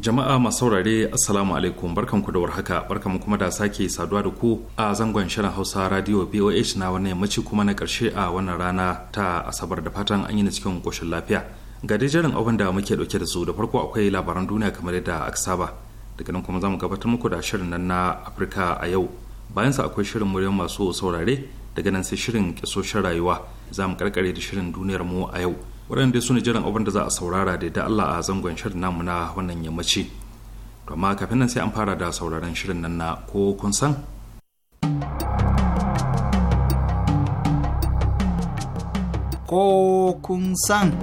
Jama'a masu saurare Assalamu alaikum barkanku da warhaka barkanku kuma da sake saduwa da ku a zangon shirin Hausa Radio BOH na wannan yammaci kuma na karshe a wannan rana ta Asabar da fatan an yi na cikin koshin lafiya. Ga dai jerin abin da muke dauke da su da farko akwai labaran duniya kamar yadda aka saba. Daga nan kuma zamu mu gabatar muku da shirin nan na Afirka a yau. Bayan sa akwai shirin muryar masu saurare daga nan sai shirin kisoshin rayuwa za mu karkare da shirin duniyar mu a yau. waɗanda su ne jiran abin da za a saurara da da Allah a zangon shirin namu na wannan yammaci to amma kafin nan sai an fara da sauraron shirin nan na ko kun san ko kun san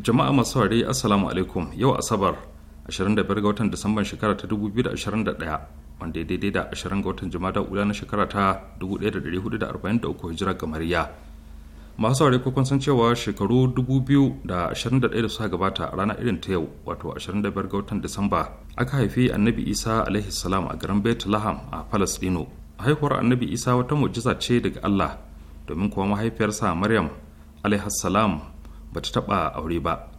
jama'a masu ware assalamu alaikum yau asabar 25 ga watan disamban shekara ta 2021 wanda ya daidai da 20 ga watan jima'a ula na shekara ta 1443 hijira gamariya masu saurari kwakwan san cewa shekaru 2021 da suka gabata a ranar irin ta yau wato 25 ga watan disamba aka haifi annabi isa alaihi salam a garin bethlehem a palestino haihuwar annabi isa wata mujiza ce daga allah domin kuwa mahaifiyarsa maryam alaihi salam ba ta taba aure ba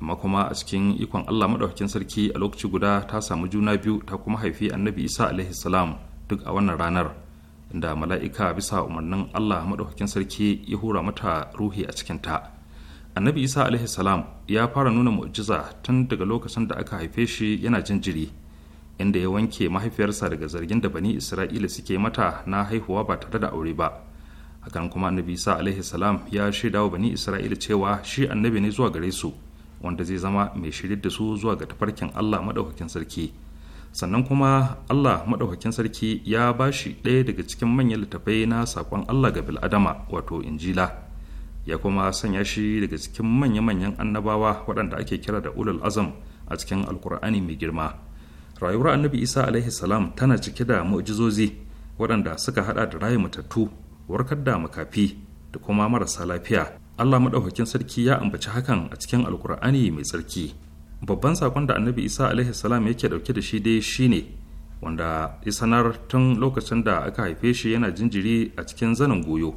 amma kuma a cikin ikon Allah madaukakin sarki a lokaci guda ta samu juna biyu ta kuma haifi annabi Isa alaihi salam duk a wannan ranar inda mala'ika bisa umarnin Allah madaukakin sarki ya hura mata ruhi a cikin ta annabi Isa alaihi salam ya fara nuna mu'jiza tun daga lokacin da aka haife shi yana jin jiri inda ya wanke mahaifiyarsa daga zargin da bani Isra'ila suke mata na haihuwa ba tare da aure ba hakan kuma annabi Isa alaihi salam ya shaidawa bani Isra'ila cewa shi annabi ne zuwa gare su wanda zai zama mai shirin da su zuwa ga tafarkin Allah maɗaukakin sarki sannan kuma Allah maɗaukakin sarki ya ba shi ɗaya daga cikin manyan littattafai na saƙon Allah ga bil'adama wato injila ya kuma sanya shi daga cikin manya-manyan annabawa waɗanda ake kira da ulul azam a cikin alkur'ani mai girma rayuwar annabi isa alaihi salam tana cike da mu'jizozi waɗanda suka haɗa da rayu matattu warkar da makafi da kuma marasa lafiya allah maɗaukakin sarki ya ambaci hakan a cikin alkur'ani mai tsarki babban saƙon da annabi isa alaihi salam yake ɗauke da shi dai shine wanda ya sanar tun lokacin da aka haife shi yana jinjiri a cikin zanen goyo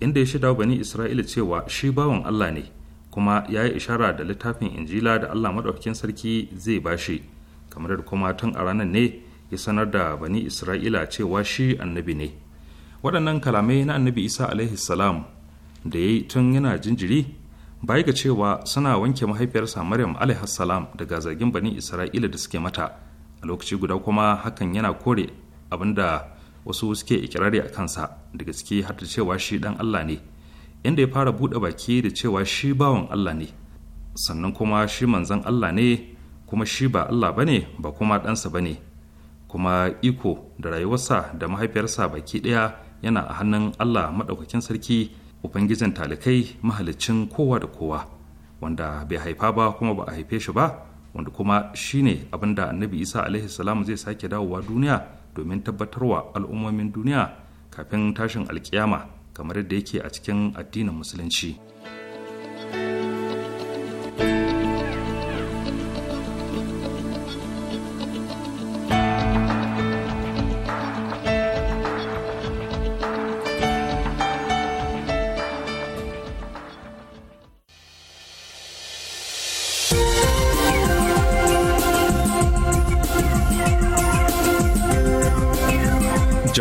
inda ya shida bani isra'ila cewa shi bawan allah ne kuma ya yi ishara da littafin injila da allah maɗaukakin sarki zai bashi kamar da kuma tun a ranar ne ya sanar da bani isra'ila cewa shi annabi ne waɗannan kalamai na annabi isa alaihi salam da ya yi tun yana jinjiri bai ga cewa suna wanke mahaifiyarsa maryam salam daga zargin bani isra'ila da suke mata a lokaci guda kuma hakan yana kore abinda wasu suke ikirari a kansa daga gaske har da cewa shi dan allah ne inda ya fara buɗe baki da cewa shi bawan allah ne sannan kuma shi manzan allah ne kuma shi ba allah ba ne ba kuma ɗansa ba ne kuma iko da rayuwarsa da mahaifiyarsa baki ɗaya yana a hannun allah maɗaukakin sarki ubangijin talikai mahalicin kowa da kowa wanda bai haifa ba kuma ba a haife shi ba wanda kuma shine abin da annabi isa alaihi zai sake dawowa duniya domin tabbatarwa al'ummomin duniya kafin tashin alkiyama kamar yadda yake a cikin addinin musulunci.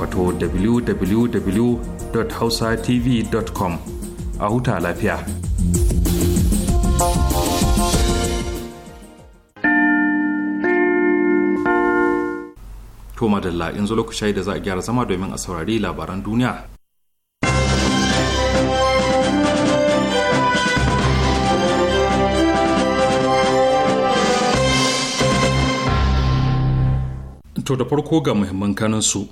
wato www.hausatv.com a huta lafiya. To madalla zo lokaci da za a gyara zama domin a saurari labaran duniya. To da farko ga muhimman kaninsu.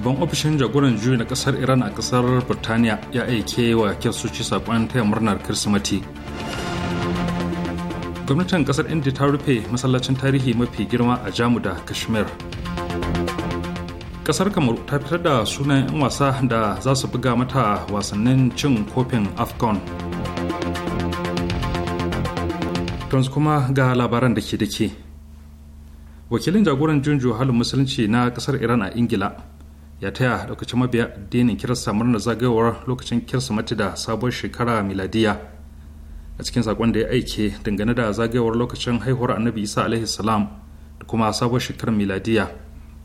shugaban ofishin jagoran juyi na kasar iran a kasar Birtaniya ya aike wa suci sakon taya murnar kirsimati gwamnatin kasar india ta rufe masallacin tarihi mafi girma a jamu da kashmir kasar kamar ta fitar da sunan 'yan wasa da za su buga mata wasannin cin kofin afcon yanzu kuma ga labaran da ke dake wakilin jagoran junju halin musulunci na kasar iran a ingila ya taya lokacin mabiya addinin kirista murna zagayowar lokacin kirsimati da sabuwar shekara miladiya a cikin saƙon da ya aike dangane da zagayowar lokacin haihuwar annabi isa alaihi salam da kuma sabuwar shekarar miladiya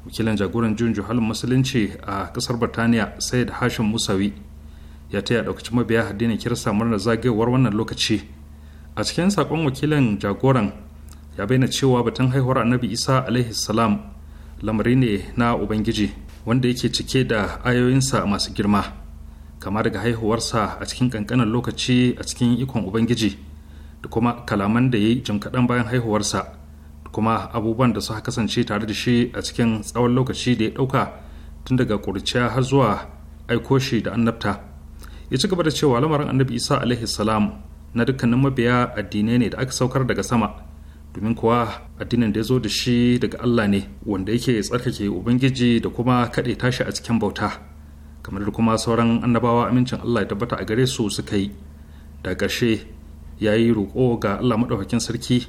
wakilin jagoran junju juhalin musulunci a ƙasar birtaniya sayyid hashim musawi ya taya lokacin mabiya addinin kirista murna zagayowar wannan lokaci a cikin saƙon wakilin jagoran ya bayyana cewa batun haihuwar annabi isa alaihi salam lamari ne na ubangiji wanda yake cike da ayoyinsa masu girma kama daga haihuwarsa a cikin kankanin lokaci a cikin ikon ubangiji da kuma kalaman da ya yi jim kaɗan bayan haihuwarsa da kuma abubuwan da suka kasance tare da shi a cikin tsawon lokaci da ya ɗauka tun daga ƙuriciya har zuwa aiko shi da annabta ya ci gaba da cewa lamarin annabi isa alaihi salam na dukkanin mabiya addinai ne da aka saukar daga sama domin kuwa addinin da ya zo da shi daga Allah ne wanda yake tsarkake ubangiji da kuma kaɗe tashi a cikin bauta kamar da kuma sauran annabawa amincin Allah ya tabbata a gare su suka yi da ƙarshe ya yi roƙo ga Allah maɗaukakin sarki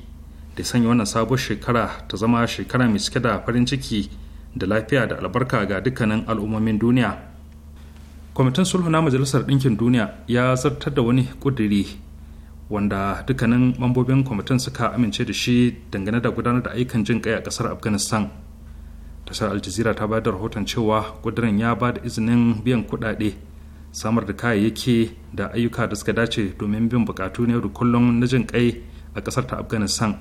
da sanya wannan sabon shekara ta zama shekara mai cike da farin ciki da lafiya da albarka ga dukkanin al'ummomin duniya kwamitin sulhu na majalisar ɗinkin duniya ya zartar da wani ƙudiri wanda dukkanin mambobin kwamitin suka amince da shi dangane da gudanar da ayyukan jin kai a kasar afghanistan tashar aljazira ta bayar da rahoton cewa kudirin ya ba da izinin biyan kuɗaɗe samar da kayayyaki da ayyuka da suka dace domin bin bukatu ne da kullum na jin kai a kasar ta afghanistan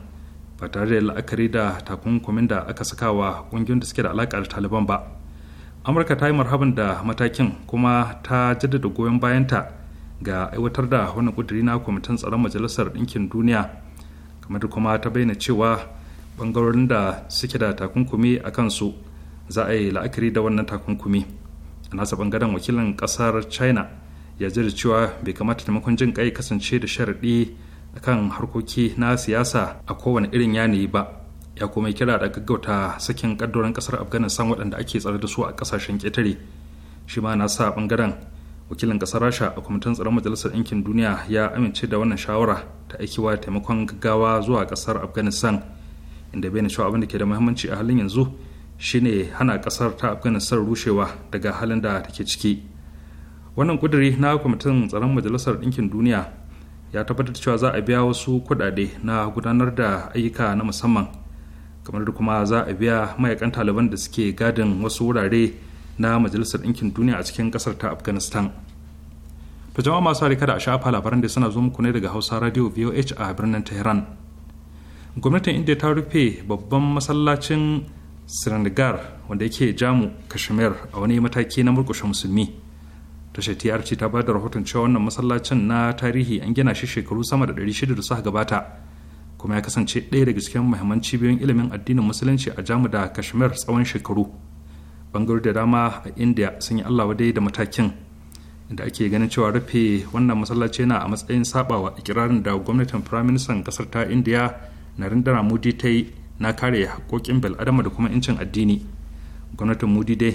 ba tare da la'akari da takunkumin da aka saka wa ƙungiyoyin da suke da alaƙa da taliban ba amurka ta yi marhaban da matakin kuma ta jaddada goyon bayanta ga aiwatar da wannan kuduri na kwamitin tsaron majalisar ɗinkin duniya kamar da kuma ta bayyana cewa bangarorin da suke da takunkumi a kansu za a yi la'akari da wannan takunkumi a nasa bangaren wakilin ƙasar china ya da cewa bai kamata taimakon jin kai kasance da sharaɗi akan harkoki na siyasa a kowane irin yanayi ba ya kuma kira da gaggauta sakin kaddoran ƙasar afghanistan waɗanda ake tsare da su a ƙasashen ƙetare shi ma na sa bangaren wakilin kasar rasha a kwamitin tsaron majalisar ɗinkin duniya ya amince da wannan shawara ta aikiwa taimakon gaggawa zuwa kasar afghanistan inda bai cewa abin da ke da muhimmanci a halin yanzu shine hana kasar ta afghanistan rushewa daga halin da take ciki wannan kuduri na kwamitin tsaron majalisar ɗinkin duniya ya tabbatar da cewa za a biya wasu kuɗaɗe na gudanar da ayyuka na musamman kamar da kuma za a biya mayakan taliban da suke gadin wasu wurare na majalisar ɗinkin duniya a cikin ƙasar ta afghanistan ta jama'a masu harika da a shafa labaran da suna zo muku ne daga hausa radio voh a birnin tehran gwamnatin india ta rufe babban masallacin srinagar wanda yake jamu kashmir a wani mataki na murkushe musulmi tashar trc ta ba da rahoton cewa wannan masallacin na tarihi an gina shi shekaru sama da 600 da suka gabata kuma ya kasance ɗaya daga cikin muhimman cibiyoyin ilimin addinin musulunci a jamu da kashmir tsawon shekaru bangarori da dama a india sun yi allawa dai da matakin inda ake ganin cewa rufe wannan masallaci yana a matsayin sabawa ikirarin da gwamnatin firaministan kasar ta india narendra modi ta yi na kare haƙoƙin bil'adama da kuma incin addini gwamnatin modi dai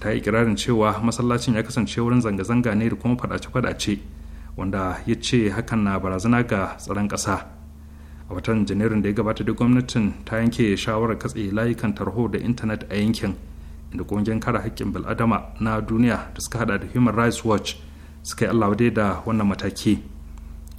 ta yi ikirarin cewa masallacin ya kasance wurin zanga-zanga ne da kuma fadace-fadace wanda ya ce hakan na barazana ga tsaron ƙasa a watan janairun da ya gabata da gwamnatin ta yanke shawarar katse layukan tarho da intanet a yankin da kungiyar kare haƙƙin bil'adama na duniya da suka hada da human rights watch suka yi allawa da wannan mataki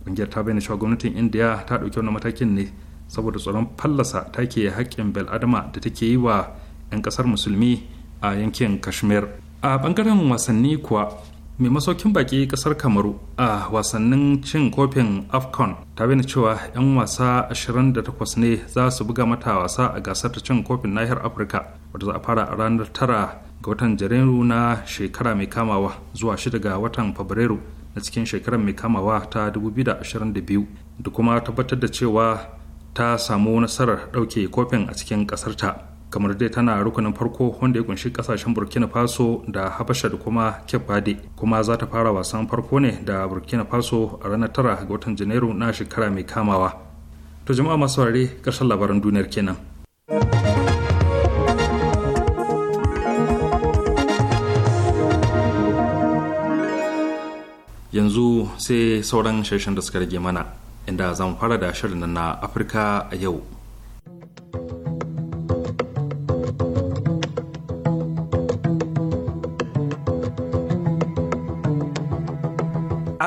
kungiyar ta bayyana cewa gwamnatin india ta ɗauki wannan matakin ne saboda tsoron fallasa take haƙƙin bil'adama da take yi wa 'yan ƙasar musulmi a yankin kashmir a ɓangaren wasanni kuwa mai masaukin baki kasar kamaru a wasannin cin kofin afcon ta bayyana cewa 'yan wasa 28 ne za su buga mata wasa a gasar ta cin kofin nahiyar afirka wadda za a fara a ranar 9 ga watan janairu na shekara mai kamawa zuwa 6 ga watan fabrairu na cikin shekarar mai kamawa ta 2022 da kuma tabbatar da cewa ta samu nasarar ɗauke kofin a cikin ƙasarta. kamar dai tana rukunin farko wanda ya kunshi kasashen burkina faso da habasha da kuma kebade kuma za ta fara wasan farko ne da burkina faso a ranar tara ga watan janairu na shekara mai kamawa to jama'a masu ware ƙarshen labaran duniyar kenan yanzu sai sauran shirshen da suka rage mana inda zan fara da shirin na afirka a yau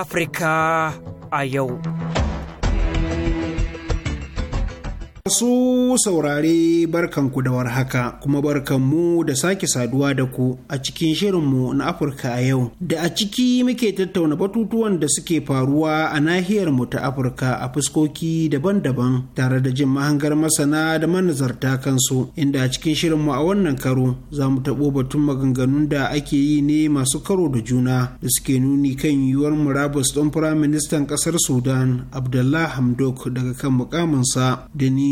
Africa. Ayo. Masu saurare barkanku da warhaka kuma barkanmu da sake saduwa da ku a cikin shirinmu na Afirka a yau da a ciki muke tattauna batutuwan da suke faruwa a nahiyar mu ta Afirka a fuskoki daban-daban tare da jin mahangar masana da manazarta kansu inda a cikin shirinmu a wannan karo za mu taɓo batun maganganun da ake yi ne masu karo da juna da suke nuni kan yiwuwar murabus ɗan firaministan ƙasar Sudan Abdullah Hamdok daga kan mukaminsa da ni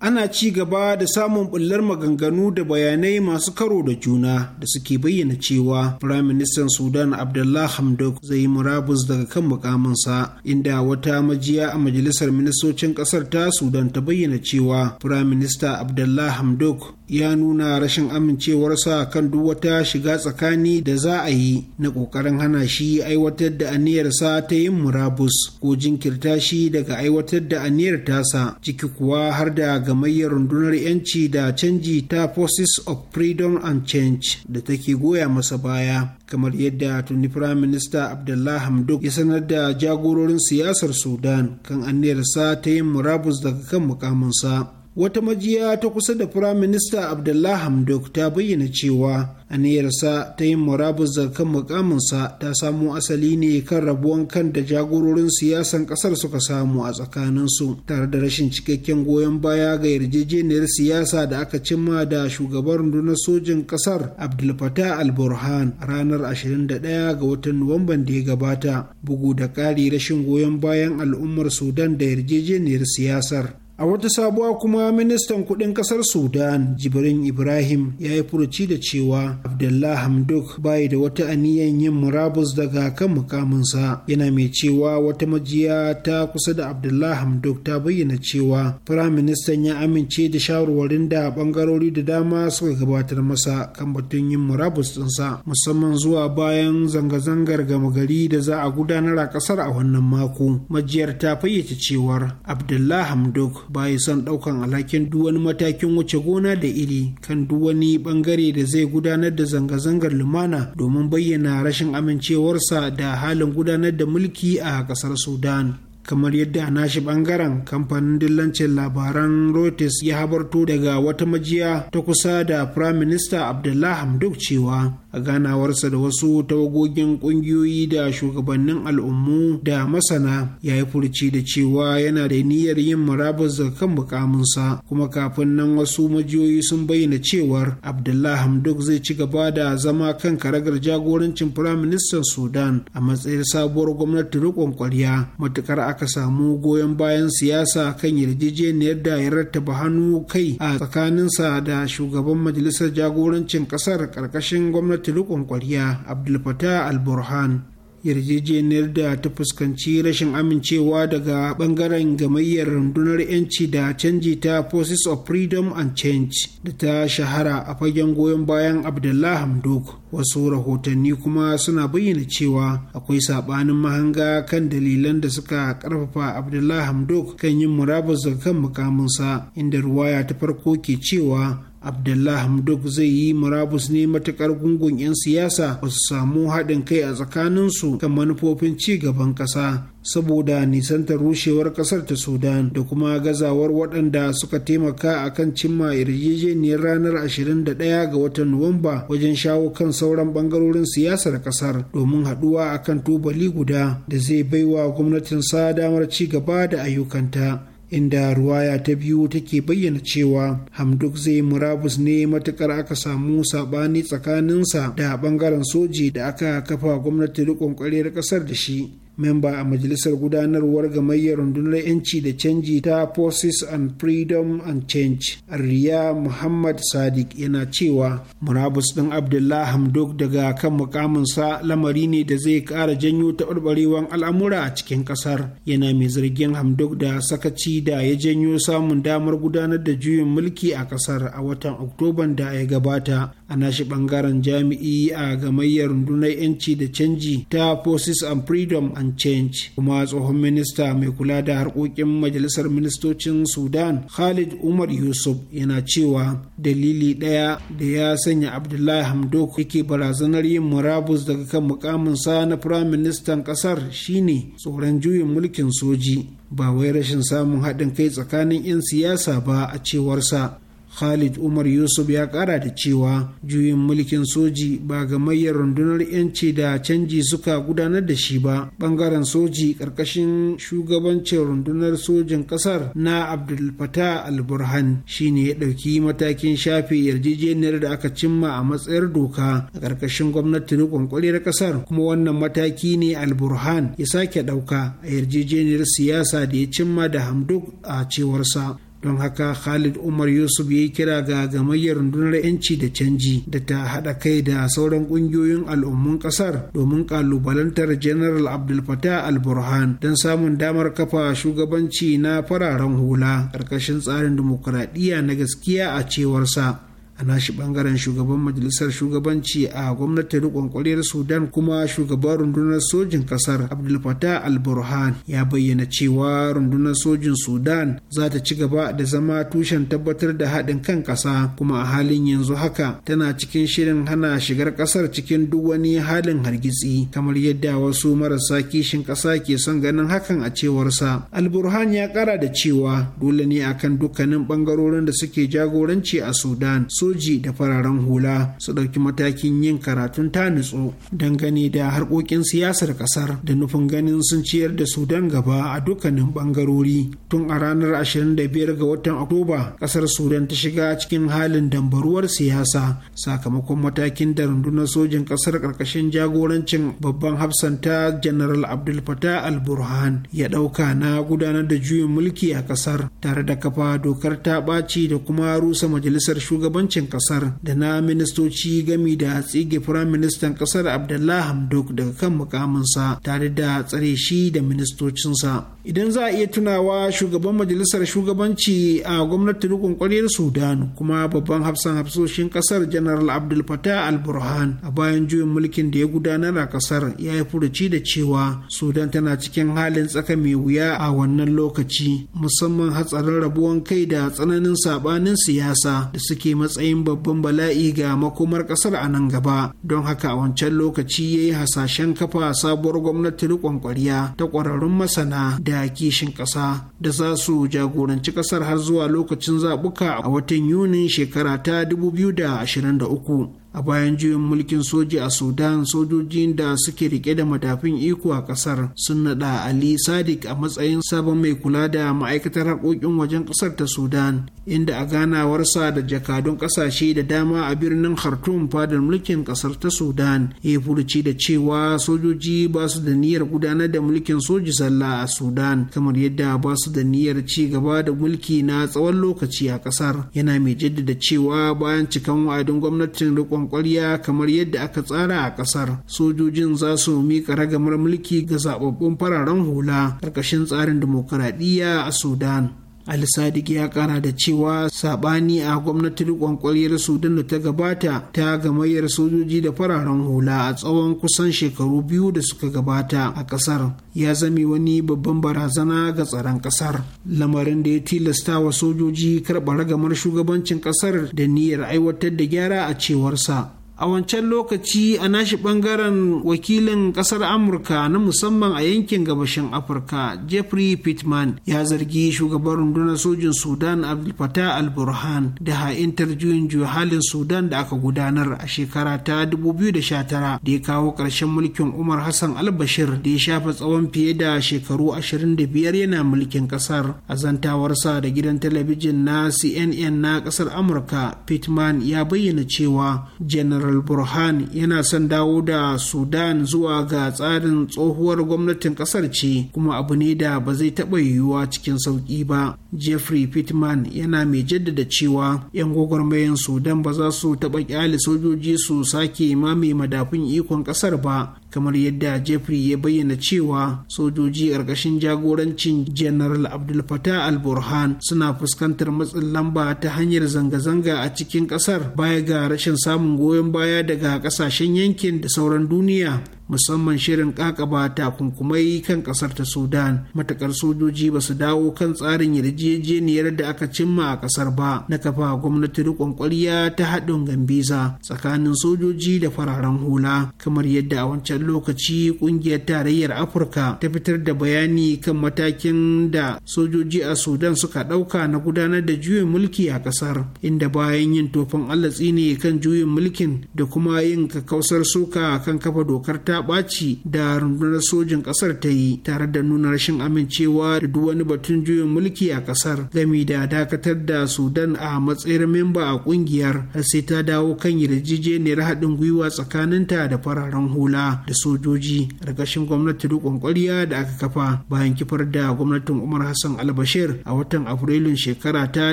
ana ci gaba da samun bullar maganganu da bayanai masu karo da juna da suke bayyana cewa firaministan sudan abdullah hamdok zai yi murabus daga kan mukaminsa inda wata majiya a majalisar ministocin kasar ta sudan ta bayyana cewa firaminista abdullah hamdok ya nuna rashin amincewarsa kan duk wata shiga tsakani da za a yi na ƙoƙarin hana shi aiwatar da aniyarsa ta yin murabus ko jinkirta shi daga aiwatar da aniyar tasa ciki kuwa har da gamayyar rundunar 'yanci da canji ta forces of freedom and change da take goya masa baya kamar yadda tuni prime minister abdullah hamdok ya sanar da jagororin siyasar sudan kan sa ta yin murabus daga kan mukaminsa wata majiya ta kusa da firaminista Abdullahi hamdok ta bayyana cewa aniyarsa ta yin murabus zarkan kan mukaminsa ta samo asali ne kan rabuwan kan da jagororin siyasan kasar suka samu a tsakaninsu tare da rashin cikakken goyon baya ga yarjejeniyar siyasa da aka cimma da shugaban rundunar sojin kasar abdul alburhan al ranar 21 ga watan nuwamban da ya gabata bugu da ƙari rashin goyon bayan al'ummar sudan da yarjejeniyar siyasar a wata sabuwa kuma ministan kudin kasar sudan jibrin ibrahim ya yi furuci da cewa abdullah Hamduk bai da wata aniyan yin murabus daga kan mukaminsa yana mai cewa wata majiya ta kusa da abdullah Hamduk ta bayyana cewa firaministan ya amince da shawarwarin da bangarori da dama suka gabatar masa kan batun yin murabus dinsa musamman zuwa bayan zanga-zangar gama gari da za a gudanar a ƙasar a wannan mako majiyar ta fayyace cewar abdullah Hamduk". bayan son ɗaukan alhakin duk wani matakin wuce gona da iri kan duk wani bangare da zai gudanar da zanga-zangar lumana domin bayyana rashin amincewarsa da halin gudanar da mulki a ƙasar sudan kamar yadda a nashi bangaren kamfanin dillancin labaran Reuters ya habarto daga wata majiya ta kusa da Prime Minister Abdullah Hamdok cewa a ganawarsa da wasu tawagogin kungiyoyi da shugabannin al'ummu da masana ya yi furci da cewa yana da niyyar yin murabus daga kan mukaminsa kuma kafin nan wasu majiyoyi sun bayyana cewar abdullah Hamduk zai ci gaba da zama kan karagar jagorancin firaministan sudan a matsayin sabuwar gwamnati rikon kwarya matukar aka samu goyon bayan siyasa kan yarjejeniyar da ya rattaba hannu kai a tsakaninsa da shugaban majalisar jagorancin ƙasar ƙarƙashin gwamnati gwamnati riƙon kwarya abdulfatah al-burhan yarjejeniyar da ta fuskanci rashin amincewa daga bangaren gamayyar rundunar 'yanci da canji ta forces of freedom and change da ta shahara a fagen goyon bayan abdullah hamdok wasu rahotanni kuma suna bayyana cewa akwai sabanin mahanga kan dalilan da suka karfafa abdullah hamdok kan yin murabus daga kan mukaminsa inda ruwaya ta farko ke cewa abdullah hamdok zai yi murabus ne matukar gungun 'yan siyasa ba su samu haɗin kai a tsakaninsu kan manufofin ci gaban ƙasa saboda nisantar rushewar ƙasar ta sudan da kuma gazawar waɗanda suka taimaka a kan cimma yarjejeniyar ranar 21 ga watan nuwamba wajen shawo kan sauran ɓangarorin siyasar ƙasar domin haɗuwa a kan tubali guda da zai baiwa gwamnatin sa damar ci gaba da ayyukanta inda ruwaya ta biyu take bayyana cewa hamduk zai murabus ne matukar aka samu sabani tsakaninsa da bangaren soji da aka kafa gwamnati rikon kwarar kasar da shi memba a majalisar gudanarwar gamayyar rundunar 'yanci da canji ta forces and freedom and change riya muhammad sadiq yana cewa murabus ɗin abdullah hamdok daga kan mukaminsa lamari ne da zai ƙara janyo taɓarɓarewar al'amura a cikin ƙasar yana mai zargin hamdok da sakaci da ya janyo samun damar gudanar da juyin mulki a ƙasar a watan oktoban da ya gabata a nashi ɓangaren jami'i a gamayyar rundunar 'yanci da canji ta forces and freedom and change kuma tsohon minista mai kula da harkokin majalisar ministocin sudan khalid umar yusuf yana cewa dalili ɗaya da ya sanya abdullahi hamdok yake barazanar yin murabus daga kan mukaminsa na firayim ministan ƙasar shine tsoron juyin mulkin soji ba wai rashin samun haɗin kai tsakanin 'yan siyasa ba a cewarsa khalid umar yusuf ya kara da cewa juyin mulkin soji ba ga gamayyar rundunar yanci da canji suka gudanar da shi ba bangaren soji karkashin shugabancin rundunar sojin kasar na abdul fatah al-burhan shine ya dauki matakin shafe yarjejeniyar da aka cimma a matsayar doka a karkashin gwamnati kwankwaliyar kasar kuma wannan mataki ne al-burhan ya sake dauka a yarjejeniyar siyasa da ya cimma da hamduk a cewarsa don haka khalid umar yusuf ya yi kira ga gamayyar rundunar 'yanci da canji da ta haɗa kai da sauran ƙungiyoyin al'ummun ƙasar domin ƙalubalantar general abdul fatah al-burhan don samun damar kafa shugabanci na fararen hula ƙarƙashin tsarin dimokuraɗiyya na gaskiya a cewarsa a nashi bangaren shugaban majalisar shugabanci a gwamnatin rikon kwaliyar sudan kuma shugaban rundunar sojin kasar abdul al burhan ya bayyana cewa rundunar sojin sudan za ta ci gaba da zama tushen tabbatar da haɗin kan ƙasa kuma a halin yanzu haka tana cikin shirin hana shigar ƙasar cikin duk wani halin hargitsi kamar yadda wasu marasa kishin ƙasa ke son ganin hakan a cewarsa al burhan ya ƙara da cewa dole ne akan dukkanin bangarorin da suke jagoranci a sudan su soji da fararen hula su ɗauki matakin yin karatun ta nutsu dangane da harkokin siyasar ƙasar da nufin ganin sun ciyar da sudan gaba a dukkanin ɓangarori tun a ranar 25 ga watan oktoba ƙasar sudan ta shiga cikin halin dambaruwar siyasa sakamakon matakin da rundunar sojin ƙasar ƙarƙashin jagorancin babban hafsanta general abdul fatah al-burhan ya ɗauka na gudanar da juyin mulki a ƙasar tare da kafa dokar ta ɓaci da kuma rusa majalisar shugabanci shugabancin kasar da na ministoci gami da tsige firayim ministan kasar abdullah hamdok daga kan mukaminsa tare da tsare shi da ministocinsa idan za a iya tunawa shugaban majalisar shugabanci a gwamnatin rukun kwaryar sudan kuma babban hafsan hafsoshin kasar general abdul fatah al burhan a bayan juyin mulkin da ya gudanar a kasar ya yi furuci da cewa sudan tana cikin halin tsaka mai wuya a wannan lokaci musamman hatsarin rabuwan kai da tsananin sabanin siyasa da suke matsayi matsayin babban bala'i ga makomar kasar a nan gaba don haka a wancan lokaci ya yi hasashen kafa sabuwar gwamnati riƙon ƙwarya ta ƙwararrun masana da kishin ƙasa da za su jagoranci ƙasar har zuwa lokacin zaɓuka a watan yunin shekara ta 2023 a bayan juyin mulkin soji a sudan sojojin da suke rike da madafin iko a kasar sun nada ali sadiq a matsayin sabon mai kula da ma'aikatar haƙoƙin wajen kasar ta sudan inda a ganawarsa da jakadun kasashe da dama a birnin khartoum fadar mulkin kasar ta sudan ya furuci da cewa sojoji ba su da niyyar gudanar da mulkin soji Sallah a sudan kamar yadda ba su da niyyar ci gaba da mulki na tsawon lokaci a kasar yana mai jaddada cewa bayan cikan wa'adin gwamnatin rikon kwarya kamar yadda aka tsara a ƙasar sojojin za su miƙa ragamar mulki ga zaɓaɓɓun fararen hula ƙarƙashin tsarin dimokuraɗiyya a sudan al Sadiq ya kara da cewa sabani a gwamnatin riƙon ƙwaryar Sudan da ta gabata ta gamayyar sojoji da fararen hula a tsawon kusan shekaru biyu da suka gabata a ƙasar ya zame wani babban barazana ga tsaron ƙasar. Lamarin da ya tilasta wa sojoji karɓa ragamar shugabancin ƙasar da niyyar aiwatar da gyara a cewarsa. a wancan lokaci a nashi bangaren wakilin kasar amurka na musamman a yankin gabashin afirka jeffrey pittman ya zargi shugaban rundunar sojin sudan abdul fatah al-burhan da ha'intar juyin juya halin sudan da aka gudanar a shekara ta 2019 da ya kawo ƙarshen mulkin umar hassan al-bashir da ya shafa tsawon fiye da shekaru 25 yana mulkin kasar a zantawarsa da gidan talabijin na cnn na kasar amurka pittman ya bayyana cewa janar al-burhan yana son dawo da sudan zuwa ga tsarin tsohuwar gwamnatin kasar ce kuma abu ne da ba zai taɓa yiwuwa cikin sauƙi ba jeffrey pittman yana mai jaddada cewa 'yan gwagwarmayan sudan ba za su taɓa ƙyale sojoji su sake mame madafun ikon ƙasar ba kamar yadda jeffrey ya bayyana cewa sojoji ƙarƙashin jagorancin general abdul fatah al-burhan suna fuskantar matsin lamba ta hanyar zanga-zanga a cikin ƙasar baya ga rashin samun goyon baya daga ƙasashen yankin da sauran duniya musamman shirin kakaba takunkumai kan kasar ta sudan matakar sojoji ba su dawo kan tsarin yarjejeniyar da aka cimma a kasar ba na kafa gwamnati rikon kwarya ta haɗin gambiza tsakanin sojoji da fararen hula kamar yadda a wancan lokaci ƙungiyar tarayyar afirka ta fitar da bayani kan matakin da sojoji a sudan suka ɗauka na gudanar da juyin mulki a kasar inda bayan yin tofin allatsi ne kan juyin mulkin da kuma yin kakausar suka kan kafa dokar ta ta ɓaci da rundunar sojin ƙasar ta yi tare da nuna rashin amincewa da duk wani batun juyin mulki a ƙasar gami da dakatar da sudan a matsayin memba a ƙungiyar har sai ta dawo kan yarjejeniyar haɗin gwiwa tsakaninta da fararen hula da sojoji ƙarƙashin gwamnati riƙon ƙwarya da aka kafa bayan kifar da gwamnatin umar hassan albashir a watan afrilun shekara ta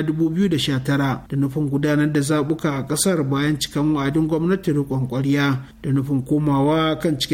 2019 da nufin gudanar da zaɓuka a ƙasar bayan cikan wa'adin gwamnati riƙon ƙwarya da nufin komawa kan cikin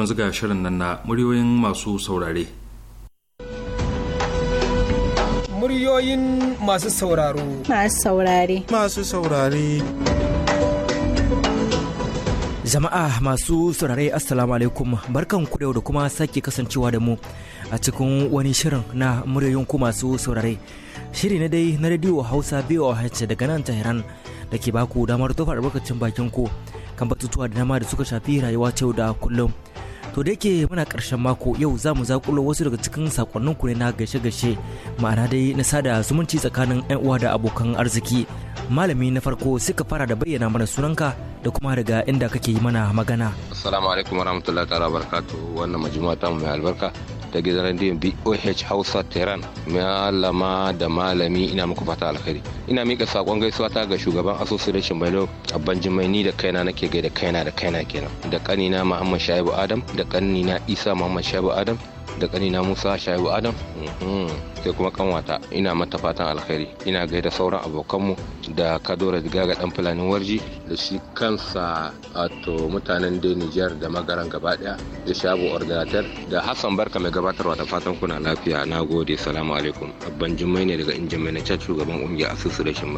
tun zuga shirin nan na muryoyin masu saurare. Muryoyin masu sauraro. Masu saurare. Masu saurare. Jama'a masu saurare Assalamu alaikum barkan ku da kuma sake kasancewa da mu a cikin wani shirin na muryoyin ku masu saurare. Shiri na dai na radio Hausa BOH daga nan Tehran da ke baku damar tofa albarkacin bakin ku kan batutuwa da dama da suka shafi rayuwa ta da kullum. to da yake muna karshen mako yau za mu zakulo wasu daga cikin sakonninku ne na gaishe-gaishe ma'ana dai na sada zumunci tsakanin 'yan uwa da abokan arziki malami na farko suka fara da bayyana mana sunanka da kuma daga inda kake yi mana magana. Assalamu alaikum warahmatullahi ta'ala barkatu wannan majuma ta mai albarka ta gidan rediyon BOH Hausa Tehran malama da malami ina muku fata alkhairi. Ina mika sakon gaisuwa ta ga shugaban association Bello Abban ni da kaina nake da kaina da kaina kenan da kanina Muhammad Shaibu Adam da kanina Isa Muhammad Shaibu Adam da kanina Musa Shaibu Adam mhm. sai kuma kanwata ina mata fatan alkhairi ina gaida sauran abokanmu da Kadora Gaga dan fulanin Warji da shi kansa wato mutanen da Nijar da magaran gaba daya da Shabu Ordinator da Hassan Barka mai gabatarwa da fatan kuna lafiya nagode salamu alaikum Babban jummai ne daga injin mai na shugaban kungiyar asusu da shin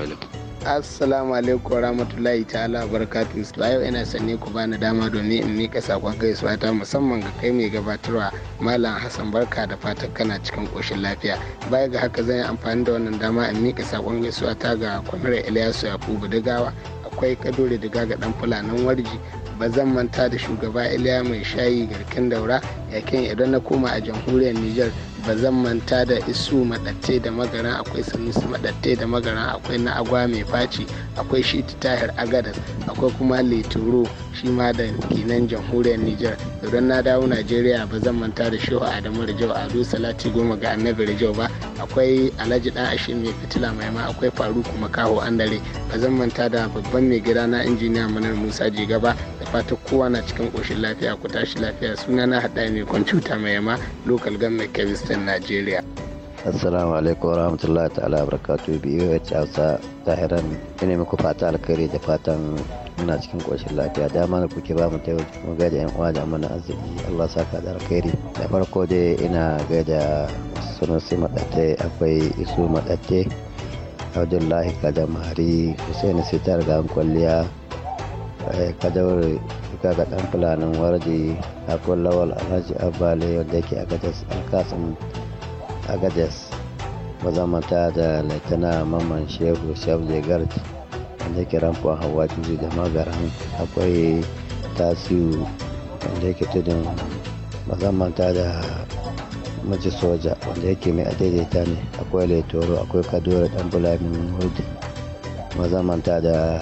Assalamu alaikum warahmatullahi ta'ala barakatu su yau ina sanne ku bani dama domin in mika sakon gaisuwa ta musamman ga kai mai gabatarwa Malam Hassan Barka da fatan kana cikin koshin lafiya. Baya ga haka zan yi amfani da wannan dama in mika sakon gaisuwa ta ga Kwamira Ilyasu da Dagawa akwai kadore daga ga dan fulanin warji ba zan manta da shugaba Iliya mai shayi garkin daura yakin idan na koma a jamhuriyar Nijar ba zan manta da isu maɗatte da magaran akwai sanusi maɗatte da magaran akwai na agwa mai faci akwai shi tahir agadas akwai kuma leturo shi ma da kinan jamhuriyar niger idan na dawo najeriya ba zan manta da shehu adamu a ado salati goma ga annabi rijau ba akwai alhaji dan ashe mai fitila mai ma akwai faruku makaho andare ba zan manta da babban mai gida na injiniya manar musa jigaba fata kowa na cikin ƙoshin lafiya ku tashi lafiya suna na haɗa mai kwamfuta mai yama local government kevistan nigeria assalamu alaikum warahmatullahi ta'ala barakatuhu biyu hausa tahiran ina muku fata alkhairi da fatan muna cikin ƙoshin lafiya dama da kuke ba mu taimaki mu gaida yan uwa da amana arziki Allah ka da alkhairi da farko dai ina gaida sunusi maɗate akwai isu maɗate abdullahi kadamari hussein sitar ga kwalliya Eh, kadawar ga dan fulanin warje a lawal alhaji abale wanda yake agadas a agadas mazamanta da laitana mamman shehu shabde garci wanda yake ramfuwa hawa juji da magaran akwai tasiru wanda yake tudun mazamanta da maji soja wanda yake mai daidaita ne akwai laitoro akwai kadawar dan fulanin warje mazamanta da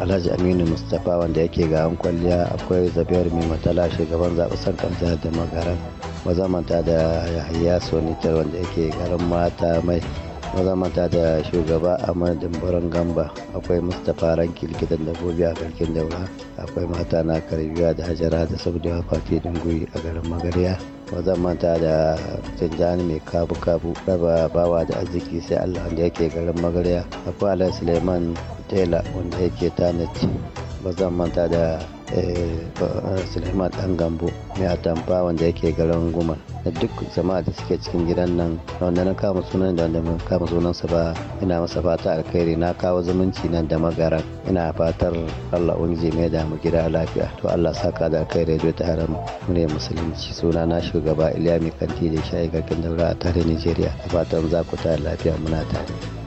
alhaji aminu mustapha wanda yake ga an kwalliya akwai zabiyar mai matala shugaban zaɓe sankan jihar da magaran mazamanta da yahaya sonitar wanda yake garin mata mai mazamanta da shugaba amadu dimbaran gamba akwai mustapha ranki likitan dabbobi a garkin daura akwai mata na karbiya da hajara da sabuwa fati dunguri a garin magariya ba zan manta da tunjani mai kabu kabu raba bawa da arziki sai allah wanda yake garin magarya akwai ala suleiman kutela wanda yake tanaci ba zan manta da eh, suleiman dan gambo mai atamfa wanda yake garin gumar da duk jama'a da suke cikin gidan nan wanda na kama sunan da wanda na kama sunansa ba ina masa fata alkhairi na kawo zumunci nan da magara ina fatar Allah ubangiji mai da mu gida lafiya to Allah saka da alkhairi da ta haram murya musulunci suna na shugaba ilyami Kanti da shayi garkin daura a tare Nigeria fatan za ku ta lafiya muna tare.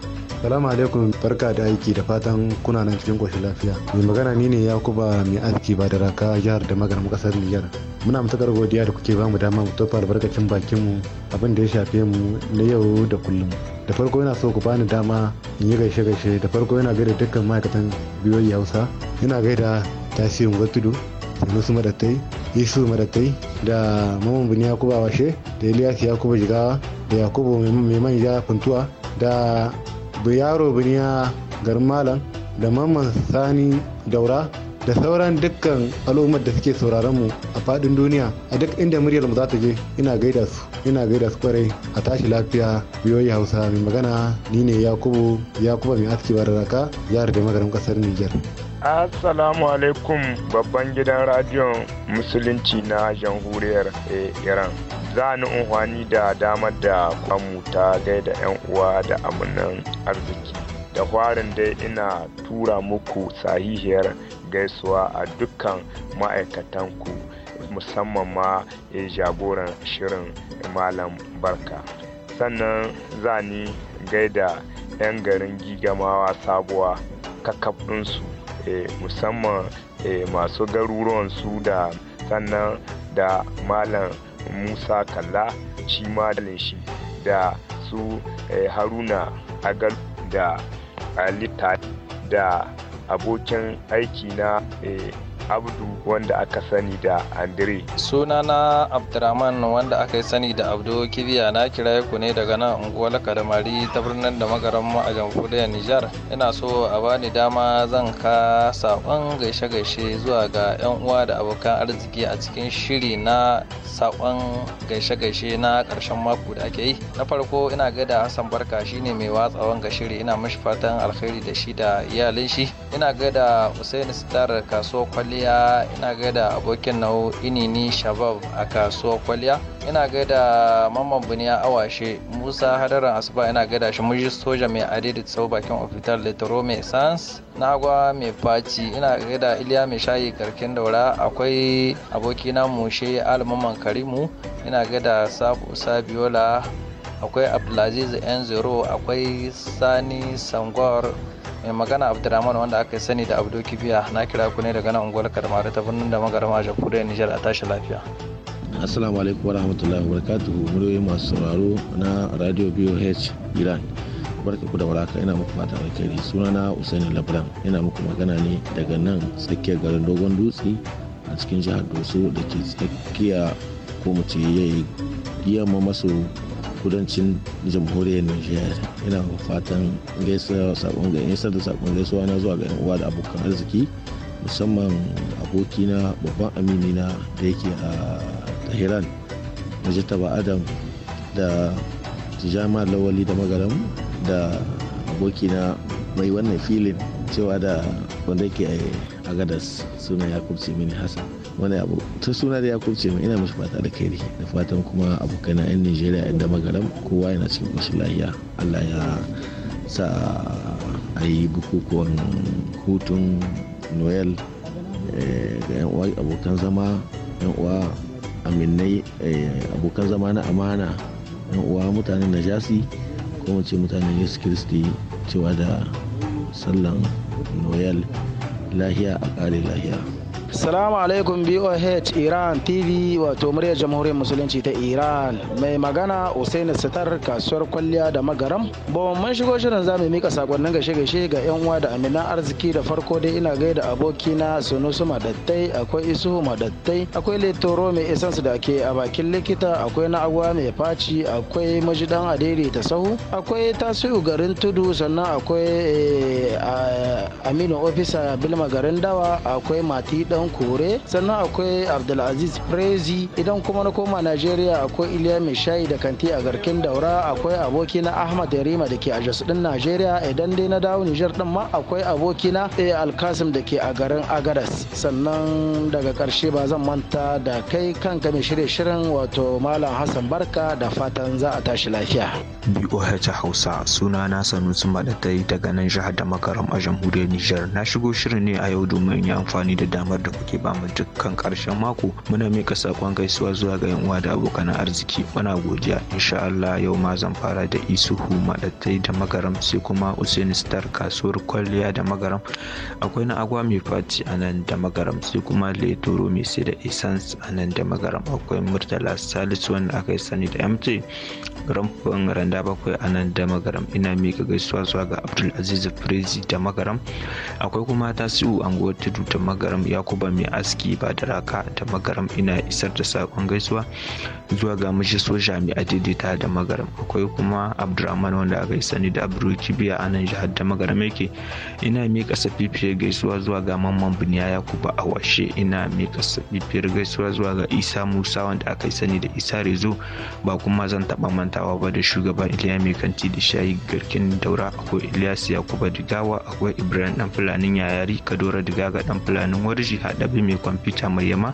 Salamu alaikum barka da aiki da fatan kuna nan cikin ƙoshin lafiya. Mai magana ni ne Yakuba mai aski ba da raka jihar da magana mu kasar Nijar. Muna masakar godiya da kuke bamu dama mu tofa albarkacin bakin mu abin da ya shafe mu na yau da kullum. Da farko yana so ku bani dama in yi gaishe gaishe da farko yana gaida dukkan ma'aikatan biyoyi e Hausa. Yana gaida tasirin Gwatudu, su Madattai, Isu Madattai da mamman Bini Yakuba Washe da Iliyasu Yakuba Jigawa da Yakubu Mai Manja Funtuwa da biyaro biniya garmalan da mamman sani daura da sauran dukkan al'ummar da suke sauraron mu a fadin duniya a duk inda muryar mu za ta je ina gaida su ina gaida su kwarai a tashi lafiya biyoyi hausa mai magana ni ne yakubu yakuba mai aski da raka yar da magarin kasar niger Assalamu alaikum babban gidan radiyon musulunci na jamhuriyar eh, Iran. za ni unhwani da damar da kwamu ta gaida 'yan uwa da amunan arziki da farin dai ina tura muku sahihiyar gaisuwa a dukkan ma'aikatanku musamman ma jagoran shirin malam barka sannan zani gaida 'yan garin gigamawa sabuwa e musamman eh, masu garuruwansu da sannan da malam musa kalla shi ma shi da su eh, haruna agal da alita da abokin aiki na eh, abdu wanda aka sani da andre sunana abdurrahman wanda aka sani da abdu kibiya na kiraye ku ne daga nan unguwar kadamari ta birnin da magaran a jamhuriyar nijar ina so a bani dama zan ka saƙon gaishe-gaishe zuwa ga 'yan uwa da abokan arziki a cikin shiri na saƙon gaishe-gaishe na karshen mako da ake yi na farko ina gada hassan barka shine mai watsawan ga shiri ina mashi fatan alkhairi da shi da iyalin shi ina gada usaini sitar kasuwar kwalli kwaliya ina gaida abokin nau inini shabab a kasuwar kwaliya ina gaida mamman buniya awashe musa hadarin asuba ina gaida shi muji soja mai adidi sau bakin ofital litoro mai sans nagwa mai faci ina gaida iliya mai shayi karkin daura akwai abokina mushe alamman karimu ina gaida sabu sabiola akwai abdulaziz yan akwai sani sangwar mai magana abdulrahman wanda aka sani da abdo kibiya na kira ku ne daga nan unguwar karmari ta birnin da magarama jamhuriyar nijar a tashi lafiya assalamu alaikum warahmatullahi wabarakatuhu muryoyi masu sauraro na radio boh iran barka ku da waraka ina muku fatan alkhairi sunana usaini labran ina muku magana ne daga nan tsakiyar garin dogon dutse a cikin jihar doso da ke tsakiya ko mace yayi yamma maso kudancin jamhuriyar nigeria ina fatan gaisuwa da sabon gaisuwa na zuwa ga yan uwa da abokan arziki musamman abokina babban aminina da yake a tehran majitaba adam da tijama lawali da magaram da abokina mai wannan filin cewa da wanda yake a gadas suna yakub mini hassan wani abu ta suna da ya kurce mai ina mashi fata da kairi da fatan kuma abokan yan nigeria yan da magaram kowa yana cikin masu lahiya Allah ya sa a yi bukukuwan hutun Noel eh, ga yan uwa abokan zama yan uwa aminai eh, abokan zama na amana yan uwa mutanen Najasi kuma ce mutanen Yesu Kiristi cewa da sallan Noel lahiya a kare lahiya. Salamu alaikum BOH Iran TV wato muryar jamhuriyar musulunci ta Iran mai magana Usaini Sitar kasuwar kwalliya da magaram. Bawan mun shigo shirin za mu mika sakonnin gashe gashe ga yan uwa da Amina arziki da farko dai ina gaida abokina Sunusu Madattai akwai Isu Madattai akwai Letoro mai isansu da ke a bakin likita akwai na agwa mai faci akwai majidan adere ta sahu akwai tasiru garin tudu sannan akwai eh, Aminu ofisa Bilma garin dawa akwai Mati dan Usman Kore sannan akwai Abdulaziz Prezi idan kuma na koma Najeriya akwai Iliya Mai Shayi da Kanti a Garkin Daura akwai abokina Ahmad Yarima da ke a Jos din Najeriya idan dai na dawo Nijar din ma akwai abokina A eh, Alkasim da ke a garin Agadas sannan daga karshe ba zan manta da kai kanka mai shirye shirin wato Malam Hassan Barka da fatan za a tashi lafiya. BOH Hausa suna na Sanusi Madatai daga nan jihar da makaram a jamhuriyar Nijar na shigo shirin ne a yau domin yi amfani da damar da kuke ba mu dukkan karshen mako muna mika sakon gaisuwa zuwa ga yan uwa da abokan arziki muna godiya insha Allah yau ma zan fara da isuhu madattai da magaram sai kuma usaini Star kasuwar kwalliya da magaram akwai na agwa mai fati a da magaram sai kuma Letoro mai sai da essence a da magaram akwai Murtala Salisu wanda aka yi sani da MT Ramfin Randa bakwai anan nan da magaram ina mika gaisuwa zuwa ga abdulaziz Aziz Prezi da magaram akwai kuma Tasiu Anguwar Tudu da magaram ya kuba mai aski ba da raka da magaram ina isar da sakon gaisuwa zuwa ga mashi soja mai adidita da magaram akwai kuma abdurrahman wanda aka yi sani da abdul kibiya a nan jihar da magaram yake ina miƙa safifiyar gaisuwa zuwa ga mamman buniya yakuba a washe ina miƙa safifiyar gaisuwa zuwa ga isa musa wanda aka yi sani da isa rezo ba kuma zan taɓa mantawa ba da shugaban iliya mai kanti da shayi garkin daura akwai ilyas yakuba digawa akwai ibrahim dan fulanin yayari kadora digaga dan fulanin warji haɗabi mai kwamfuta mai yama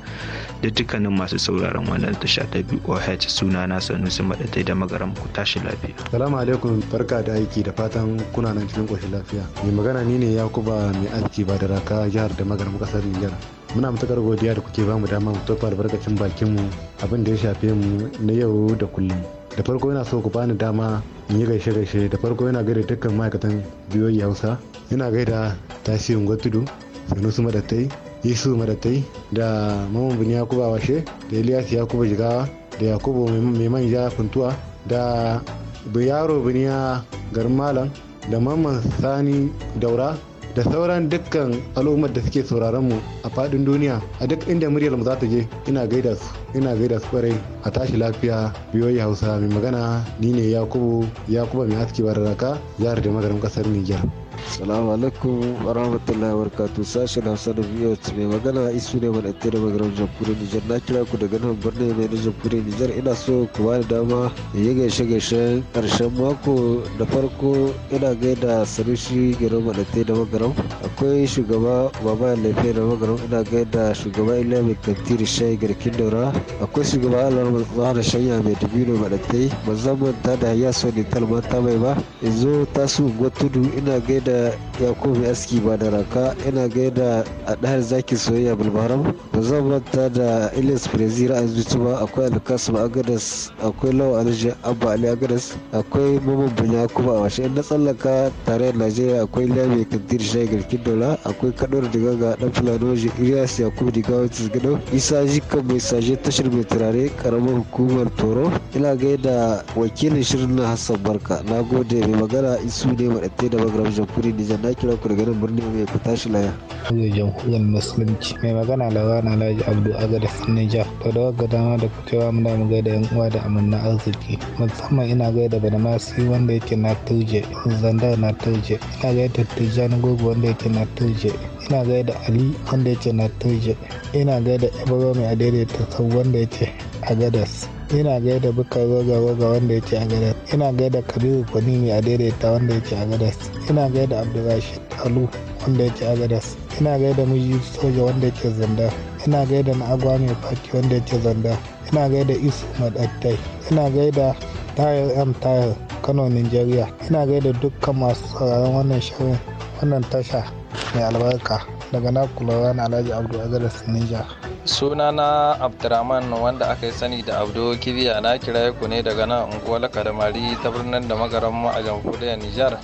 da dukkanin masu sauraron wannan tasha ta boh suna na sanusi maɗatai da magaram ku tashi lafiya. salamu alaikum farka da aiki da fatan kuna nan cikin ƙoshin lafiya mai magana ni ne yakuba mai aiki ba da raka jihar da kasar ƙasar niger muna matukar godiya da kuke bamu dama mu tofa albarkacin mu abin da ya shafe mu na yau da kullum da farko yana so ku bani dama in yi gaishe gaishe da farko yana gaida dukkan ma'aikatan biyoyi e hausa yana gaida tasirin gwatudu sanusu madatai Yusuf Madatai da mamman Bini Yakuba Washe da elias Yakuba Jigawa da Yakubu Mai Manja Funtuwa da Yaro Biniya malam da Mamman Sani Daura da sauran dukkan al'ummar da suke sauraron mu a fadin duniya a duk inda muryar mu za ta je ina gaida su ina gaida su kwarai a tashi lafiya biyoyi hausa mai magana ni ne yakubu yakuba mai haske bararaka jihar da magarin kasar niger salamu alaikum wa rahmatullahi wa barakatuh sashen hausa da biyu mai magana isu ne mai ɗante da magaram jamhuriyar nijar na kira ku daga nan birnin mai na jamhuriyar nijar ina so ku bani dama yi gaishe gaishe ƙarshen mako da farko ina gaida sarushi gero mai ɗante da magaram akwai shugaba baba lefe da magaram ina gaida shugaba iliya mai kantiri shayi garkin daura akwai shugaba alamar tsara shanya mai dubino mai ɗante ba zan manta da ya so ne talmanta mai ba yanzu tasu gwatudu ina gaida da yakubu aski ba da raka ina gaida a ɗahar zaki soyayya bulbaram ba zan manta da ilis brazil a zuci ba akwai alkasim agadas akwai lawa alhaji abba ali agadas akwai mamman bunya kuma a washe na tsallaka tare da najeriya akwai lami kadir shagar kidola akwai kaɗuwar diga ga ɗan fulanoji ilyas yakubu diga wata gado isa jika mai saje tashar mai turare karamar hukumar toro ina gaida wakilin shirin na hassan barka na gode mai magana isu ne maɗaɗe da magaram kuri da na kira ku daga nan birnin mai ku tashi laya. jan jamhuriyar Musulunci mai magana Lawana Alhaji Abdu Agadas Nijar to da wagga dama da fitowa muna mu gaida yan uwa da amanna arziki musamman ina gaida Badamasi wanda yake na Turje Zandar na Turje ina gaida tijani Gogo wanda yake na Turje ina gaida Ali wanda yake na Turje ina gaida Ibrahim Adede ta wanda yake Agadas. ina gaida bukar roga roga wanda yake a gadas ina gaida kabiru kwanini a daidaita wanda yake a gadas ina gaida abdurashid alu wanda yake a gadas ina gaida miji soja wanda yake zanda ina gaida na agwa mai faki wanda yake zanda ina gaida isu madattai ina gaida tayar m tayar kano nigeria ina gaida dukkan masu sauraron wannan shirin wannan tasha mai albarka daga na kulawa na alhaji abdul agadar sinija sunana abdurrahman wanda aka yi sani da abdo kibiya na kira ku ne daga nan unguwar kadamari ta birnin da magaran mu a jamhuriyar nijar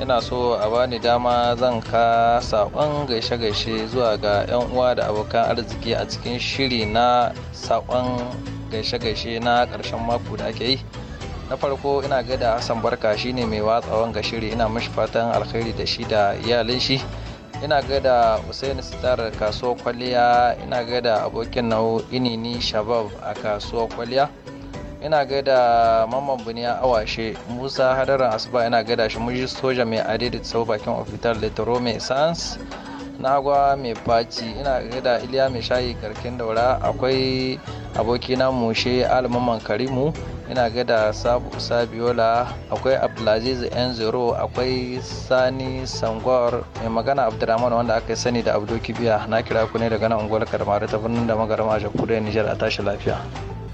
ina so a bani dama zan ka saƙon gaishe-gaishe zuwa ga 'yan uwa da abokan arziki a cikin shiri na saƙon gaishe-gaishe na ƙarshen mako da ake yi na farko ina gaida hassan barka shine mai watsawan ga shiri ina mashi fatan alkhairi da shi da iyalin shi ina gaida usaini sitar kasuwar kwalliya ina gaida abokin nau inini shabab a kasuwar kwalliya ina gaida mamman buniya awashe musa hadarin asuba ina gaida shi muji soja mai adidi sau bakin ofitar litoro mai sans na agwa mai faci ina da iliya mai shayi karkin daura akwai abokina mushe almaman karimu ina gada sabiola akwai abdulaziz n zero akwai sani sangwar mai magana abdulrahman wanda aka sani da abdo kibiya na kira ku ne daga nan unguwar karmari ta birnin da magarama a da nijar a tashi lafiya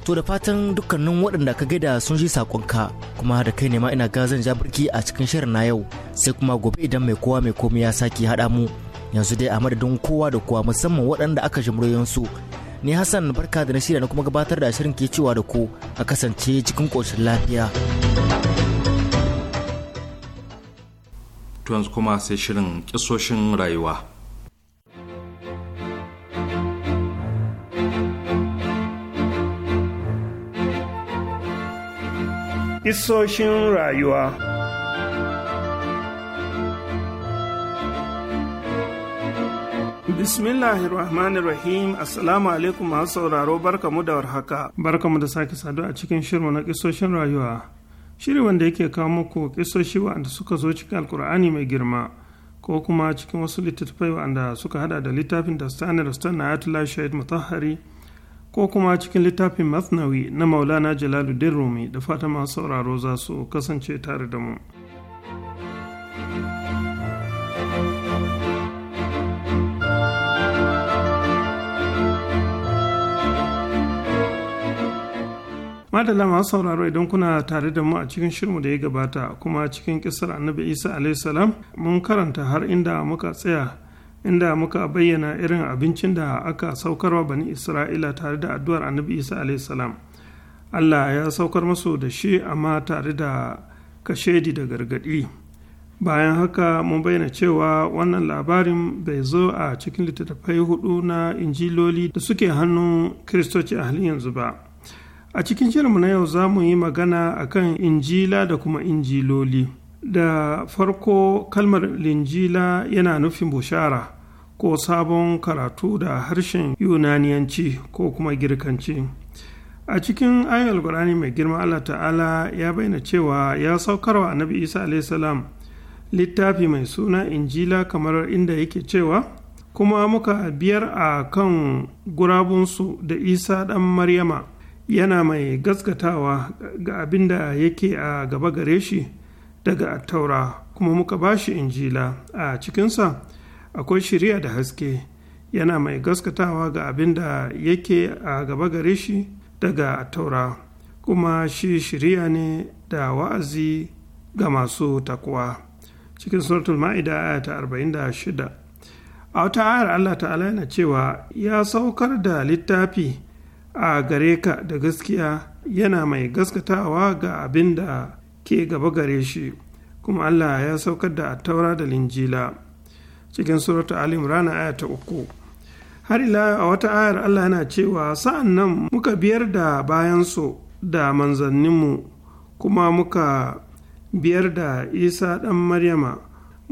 to da fatan dukkanin waɗanda ka gaida sun ji saƙonka kuma da kai ne ma ina gazan zan birki a cikin shirin na yau sai kuma gobe idan mai kowa mai komai ya sake haɗa mu yanzu dai a madadin kowa da kowa musamman waɗanda aka muryoyinsu ni hassan barka da na shirya na kuma gabatar da shirin ke cewa da ku a kasance cikin ƙoshin lafiya to yanzu kuma sai shirin kisoshin rayuwa Isoshin rayuwa Bismillahir Rahmanir Rahim Assalamu alaikum masu sauraro barkamu da warhaka. Barkamu da sake saduwa a cikin shirmu na kisoshin rayuwa. Shiri wanda yake kawo muku kisoshi wanda suka zo cikin Alkur'ani mai girma ko kuma cikin wasu littattafai wanda suka hada da littafin da Stani Rastan na Ayatollah Shahid Mutahari ko kuma cikin littafin Masnawi na Maulana Jalaluddin Rumi da fata masu sauraro za su kasance tare da mu. madalla masu sauraro idan kuna tare da mu a cikin shirmu da ya gabata kuma cikin kisar annabi isa salam mun karanta har inda muka tsaya inda muka bayyana irin abincin da aka saukarwa bani isra'ila tare da addu'ar annabi isa salam allah ya saukar masu da shi amma tare da kashedi da gargadi bayan haka mun bayyana cewa wannan labarin bai zo a cikin littattafai hudu na injiloli da suke hannun kiristoci a halin yanzu ba a cikin shirinmu na yau za mu yi magana a kan injila da kuma injiloli da farko kalmar linjila yana nufin bushara ko sabon karatu da harshen yunaniyanci ko kuma girkanci a cikin ayin alkurani mai girma allah ta'ala ya bayyana cewa ya wa annabi isa salam littafi mai suna injila kamar inda yake cewa kuma muka biyar a kan gurabunsu da isa ɗan maryama yana mai gaskatawa ga abin da yake a gaba gare shi daga attaura kuma muka ba shi injila a cikinsa akwai shiriya da haske yana mai gaskatawa ga abin da yake a gaba gare shi daga attaura kuma shi shiriya ne da wa'azi ga masu takwa cikin suratul ma'ida aya ta 46 a wata ayar allah ta'ala yana cewa ya saukar da littafi a gare ka da gaskiya yana mai gaskatawa ga abin da ke gaba gare shi kuma Allah ya saukar da taura da linjila cikin suratu alim rana aya ta uku har ila a wata ayar Allah yana cewa sa'an nan muka biyar da bayansu da manzanninmu kuma muka biyar da isa ɗan maryama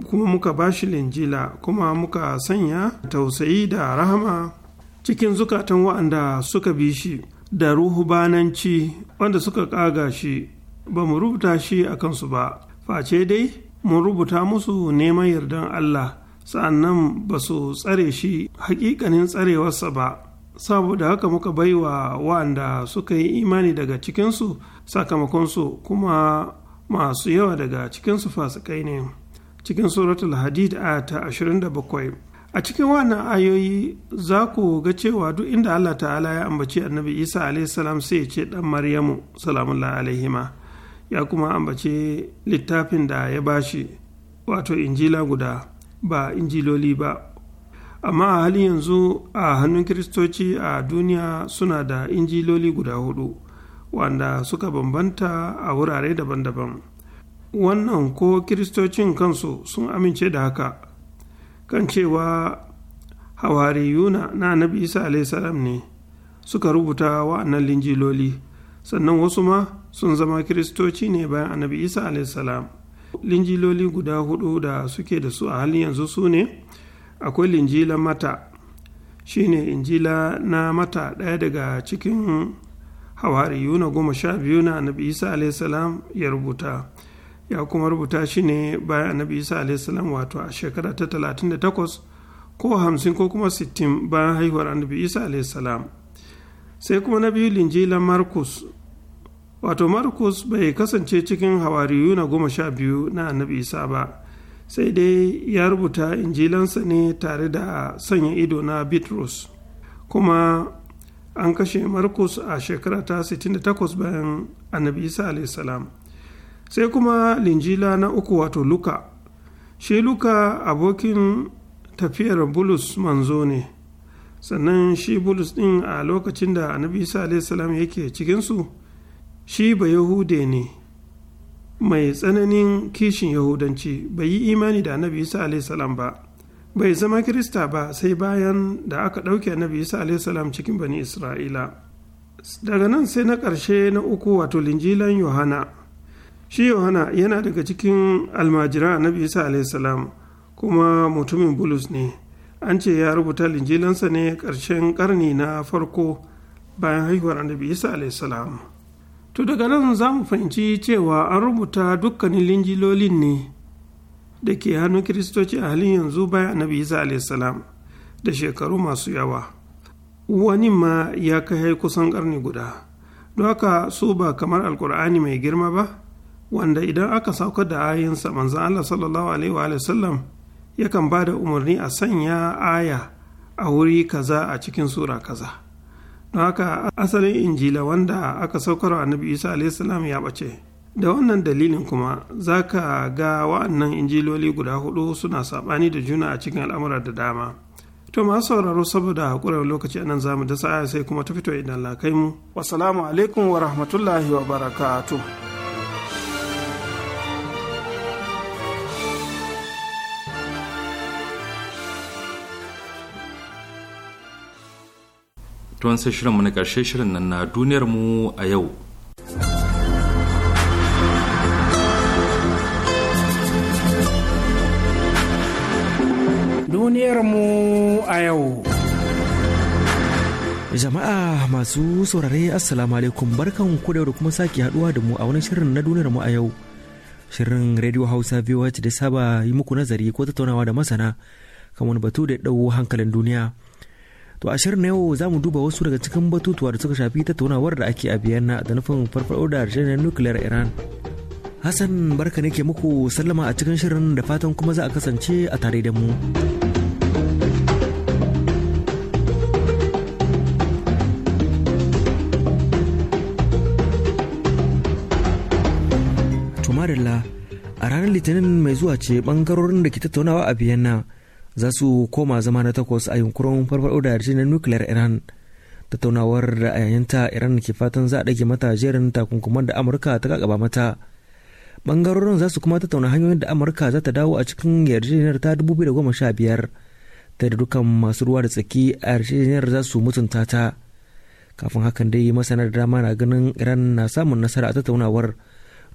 kuma muka ba shi linjila kuma muka sanya tausayi da rahama cikin zukatan wa'anda suka bi shi da ruhu bananci wanda suka ƙaga shi ba mu rubuta shi a kansu ba face dai mun rubuta musu neman yardan Allah sa'annan ba su tsare shi hakikanin tsarewarsa ba saboda haka muka baiwa wa'anda suka yi imani daga cikinsu sakamakonsu kuma masu yawa daga cikinsu fasikai ne cikin suratul hadid a ta 27 a cikin wannan ayoyi za ku ga cewa duk inda allah ta'ala ya ambaci annabi isa salam sai ya ce dan maryamu salamullah alaihima ya kuma ambaci littafin da ya ba shi, wato injila guda ba injiloli ba amma a halin yanzu a hannun kiristoci a duniya suna da injiloli guda hudu wanda suka bambanta a wurare daban-daban wannan ko kiristocin kansu sun amince da haka kan cewa hawariyuna na annabi isa salam ne suka rubuta wa'annan linjiloli sannan wasu ma sun zama kiristoci ne bayan annabi isa salam linjiloli guda hudu da suke da su a halin yanzu su ne akwai linjila mata Shi ne injila na mata ɗaya daga cikin hawariyuna goma sha biyu na annabi isa salam ya rubuta ya kuma rubuta shi ne bayan annabi isa alaihissalam wato a shekara ta 38 ko 50 ko kuma 60 bayan haihuwar annabi isa alaihissalam sai kuma na biyu linjilan markus wato markus bai kasance cikin hawariyu na goma sha biyu na annabi isa ba sai dai ya rubuta injilansa ne tare da sanya ido na bitrus kuma an kashe markus a shekara ta 68 bayan annabi isa alaihissalam sai kuma linjila na uku wato luka shi luka abokin tafiyar bulus manzo ne sannan shi bulus ɗin a lokacin da annabi isa salam yake cikinsu shi ba yahude ne mai tsananin kishin yahudanci bai yi imani da annabi isa salam ba bai zama kirista ba sai bayan da aka ɗauke annabi isa salam cikin bani isra'ila daga nan sai na ƙarshe na uku wato linjilan yohana shi yohana yana daga cikin almajira annabi isa alaihissalam kuma mutumin bulus ne an ce ya rubuta linjilansa ne ƙarshen ƙarni na farko bayan haihuwar annabi isa alaihissalam to daga nan za mu fahimci cewa an rubuta dukkanin linjilolin ne da ke hannun kiristoci a halin yanzu bayan annabi isa alaihissalam da shekaru masu yawa wani ma ya kai kusan ƙarni guda don haka su ba kamar alkur'ani mai girma ba wanda idan aka saukar da ayinsa manzan Allah sallallahu alaihi wa sallam yakan ba da umarni a sanya aya a wuri kaza a cikin sura kaza don haka asalin injila wanda aka saukar annabi isa salam ya bace da wannan dalilin kuma za ka ga wa'annan injiloli guda hudu suna saɓani da juna a cikin al'amura da dama to ma sauraro saboda haƙurar lokaci anan za mu da sa'a sai kuma ta fito idan lakai mu wasalamu alaikum wa rahmatullahi wa barakatuh tuwan sai shirinmu na ƙarshe shirin nan na duniyar mu a yau duniyar mu a yau Jama'a masu saurare Assalamu alaikum barkan ku da kuma sake haduwa da mu a wani shirin na duniyar mu a yau. Shirin Radio Hausa VOH da saba yi muku nazari ko tattaunawa da masana kan wani batu da ya hankalin duniya. To a shirin yau za mu duba wasu daga cikin batutuwa da suka shafi tattaunawar da ake a biyanna da nufin farfaɗo da harshen nuclear Iran. Hassan barka ne ke muku sallama a cikin shirin da fatan kuma za a kasance a tare da mu. Tumarilla a ranar Litinin mai zuwa ce bangarorin da ke tattaunawa a biyanna. za su koma zama na takwas a yunkurin farfaɗo da yarjejeniyar nukiliyar iran tattaunawar da a ta iran ke fatan za a ɗage mata jerin takunkuman da amurka ta kakaba mata bangarorin za su kuma tattauna hanyoyin da amurka za ta dawo a cikin yarjejeniyar ta 2015 ta da dukkan masu ruwa da tsaki a yarjejeniyar za su mutunta ta kafin hakan dai masana da dama na ganin iran na samun nasara a tattaunawar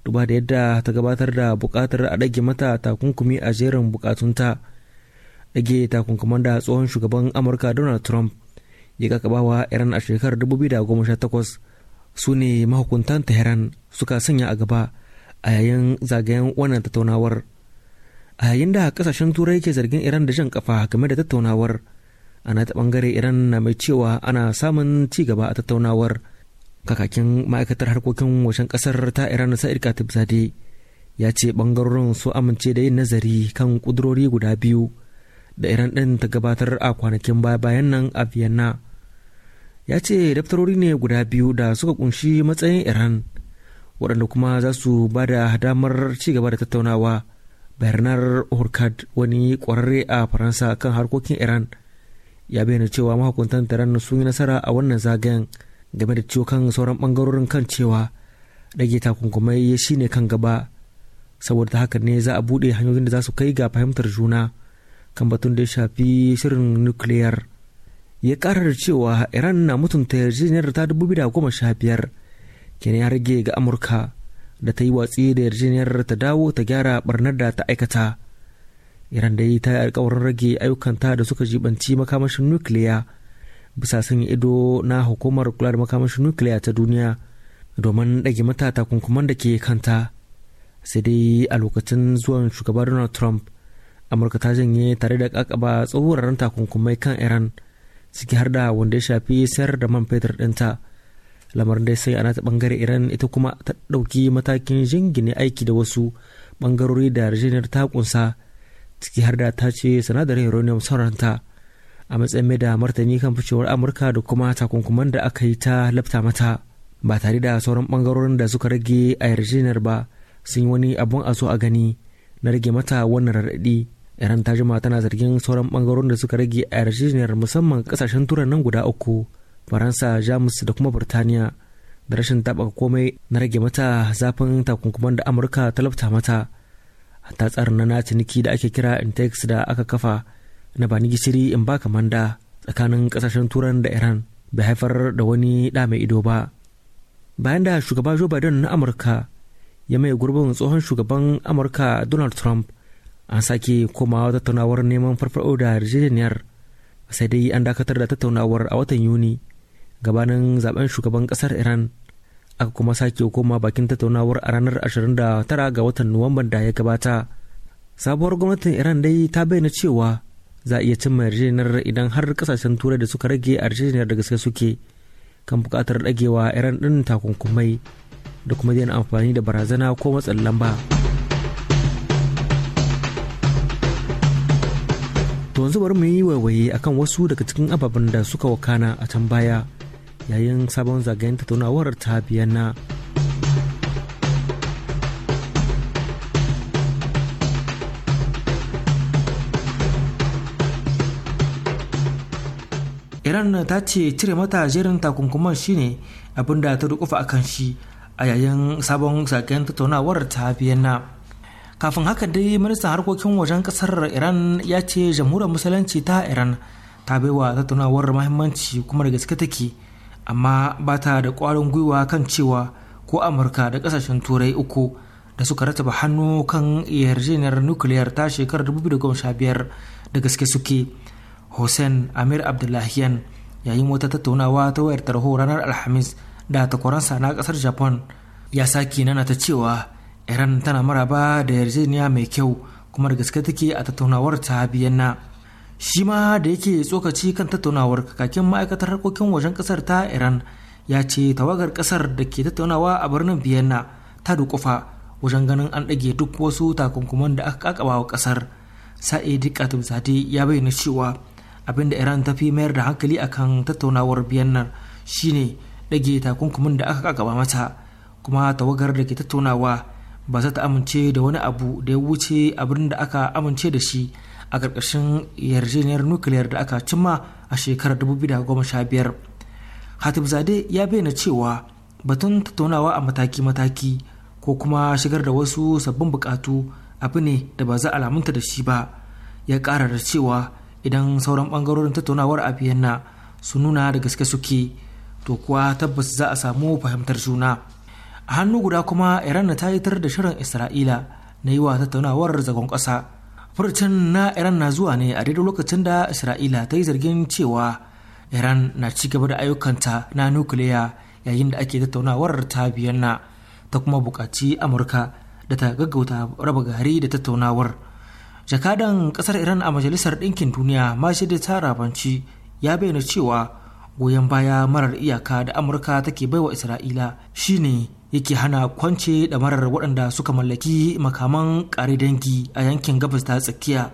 duba da yadda ta gabatar da bukatar a ɗage mata takunkumi a jerin ta. ɗage takunkuman da tsohon shugaban amurka donald trump ya kakabawa iran a shekarar 2018 su ne mahukuntan tehran suka sanya a gaba a yayin zagayen wannan tattaunawar a yayin da kasashen turai ke zargin iran da jan kafa game da tattaunawar ana ta bangare iran na mai cewa ana samun ci gaba a tattaunawar kakakin ma'aikatar harkokin wajen kasar ta iran sa'id katib zade ya ce bangarorin su amince da yin nazari kan kudurori guda biyu da iran ɗin ta gabatar a kwanakin baya-bayan nan a vienna ya ce daftarori ne guda biyu da suka kunshi matsayin iran waɗanda kuma za su ba da damar gaba da tattaunawa bernard horkad wani ƙwararre a faransa kan harkokin iran ya bayyana cewa mahukuntan taron sun yi nasara a wannan zagayen game da ciwo kan sauran bangarorin kan cewa rage takunkumai ya shine kan gaba saboda haka ne za a buɗe hanyoyin da za su kai ga fahimtar juna kan batun da ya shafi shirin nukiliyar ya ƙara da cewa iran na mutunta yarjejeniyar ta da biyar kene ya rage ga amurka da ta yi watsi da yarjejeniyar ta dawo ta gyara barnar da ta aikata iran da yi ta yi alkawarin rage ayyukanta da suka jibanci makamashin nukiliya bisa sanya ido na hukumar kula da makamashin nukiliya ta duniya domin ɗage mata takunkuman da ke kanta sai dai a lokacin zuwan shugaban donald trump amurka ta janye tare da kakaba tsohuraren takunkumai kan iran ciki har da wanda ya shafi sayar da man fetur ɗinta lamarin dai sai ana ta bangare iran ita kuma ta ɗauki matakin jingine aiki da wasu bangarori da yarjejeniyar ta kunsa ciki har da ta ce sanadarin uranium sauranta a matsayin mai da martani kan ficewar amurka da kuma takunkuman da aka yi ta lafta mata ba tare da sauran bangarorin da suka rage a yarjejeniyar ba sun yi wani abun a zo a gani na rage mata wannan raɗaɗi iran ta jima tana zargin sauran bangarorin da suka rage a yarjejeniyar musamman kasashen turan nan guda uku faransa jamus da kuma burtaniya da rashin taɓa komai na rage mata zafin takunkuman da amurka ta lafta mata ta tsarin na ciniki da ake kira intex da aka kafa na bani gishiri in ba kamanda tsakanin kasashen turan da iran bai haifar da wani da mai ido ba bayan da shugaba joe biden na amurka ya mai gurbin tsohon shugaban amurka donald trump an sake komawa tattaunawar neman farfaɗo da yarjejeniyar sai dai an dakatar da tattaunawar a watan yuni gabanin zaben shugaban kasar iran aka kuma sake koma bakin tattaunawar a ranar 29 ga watan nuwamban da ya gabata sabuwar gwamnatin iran dai ta bayyana cewa za a iya cimma yarjejeniyar idan har kasashen turai da suka rage a yarjejeniyar da gaske suke kan bukatar dagewa iran ɗin takunkumai da kuma daina amfani da barazana ko matsin lamba. To yanzu bari mu yi waiwaye akan wasu daga cikin ababen da suka wakana a can baya yayin sabon zagayen tattaunawar ta biyana. Iran ta ce cire mata jerin takunkuman shine abinda ta rukufa akan shi a yayin sabon zagayen tattaunawar ta biyana. kafin haka dai ministan harkokin wajen kasar iran ya ce jamhuriyar musulunci ta iran ta baiwa tattaunawar mahimmanci kuma da gaske take amma ba ta da kwarin gwiwa kan cewa ko amurka da kasashen turai uku da suka rataba hannu kan yarjejeniyar nukiliyar ta shekarar 2015 da gaske suke hussein amir abdullahiyan yayin wata tattaunawa ta wayar tarho ranar alhamis da takwaransa na kasar japan ya sake nana ta cewa iran tana maraba da yarjejeniya mai kyau kuma da gaske take a tattaunawar ta biyan na shi ma da yake tsokaci kan tattaunawar kakakin ma'aikatar harkokin wajen kasar ta iran ya ce tawagar kasar da ke tattaunawa a birnin biyanna ta dukufa wajen ganin an ɗage duk wasu takunkuman da aka kakaba wa kasar sa'idi katim sadi ya bayyana cewa abin da iran ta fi mayar da hankali akan tattaunawar biyannar shine ɗage takunkumin da aka kakaba mata kuma tawagar da ke tattaunawa ba za ta amince da wani abu da ya wuce abin da aka amince da shi a ƙarƙashin yarjejeniyar nukiliyar da aka cimma a shekarar 2015 hatib zade ya bayyana cewa batun tattaunawa a mataki-mataki ko kuma shigar da wasu sabbin bukatu abu ne da ba za a lamunta da shi ba ya ƙara da cewa idan sauran ɓangarorin tattaunawar a biyanna su nuna da gaske suke to kuwa tabbas za a samu fahimtar juna. a hannu guda kuma iran ta yi tar da shirin isra'ila na yi wa tattaunawar zagon ƙasa furcin na iran na zuwa ne a daidai lokacin da isra'ila ta yi zargin cewa iran na ci gaba da ayyukanta na nukiliya yayin da ake tattaunawar ta na ta kuma buƙaci amurka da ta gaggauta raba gari da tattaunawar jakadan ƙasar iran a majalisar ɗinkin duniya mashidi tarabanci ya bayyana cewa goyon baya marar iyaka da amurka take baiwa isra'ila shine yake hana kwance ɗamarar waɗanda suka mallaki makaman ƙare dangi a yankin gabas ta tsakiya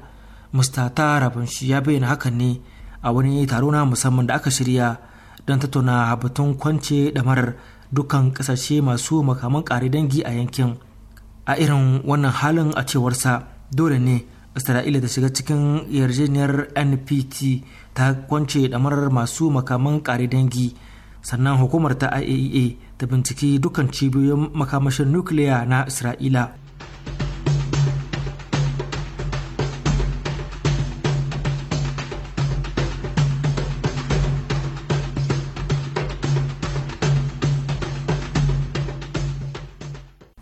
mustata rabanshi ya bayyana hakan ne a wani taro na musamman da aka shirya don tattauna batun kwance ɗamarar dukkan ƙasashe masu makaman ƙare dangi a yankin a irin wannan halin a cewarsa dole ne isra'ila ta shiga cikin yarjejeniyar npt ta kwance ɗamarar masu makaman ƙare dangi sannan hukumar ta iaea e da binciki dukkan cibiyoyin makamashin nukiliya na isra'ila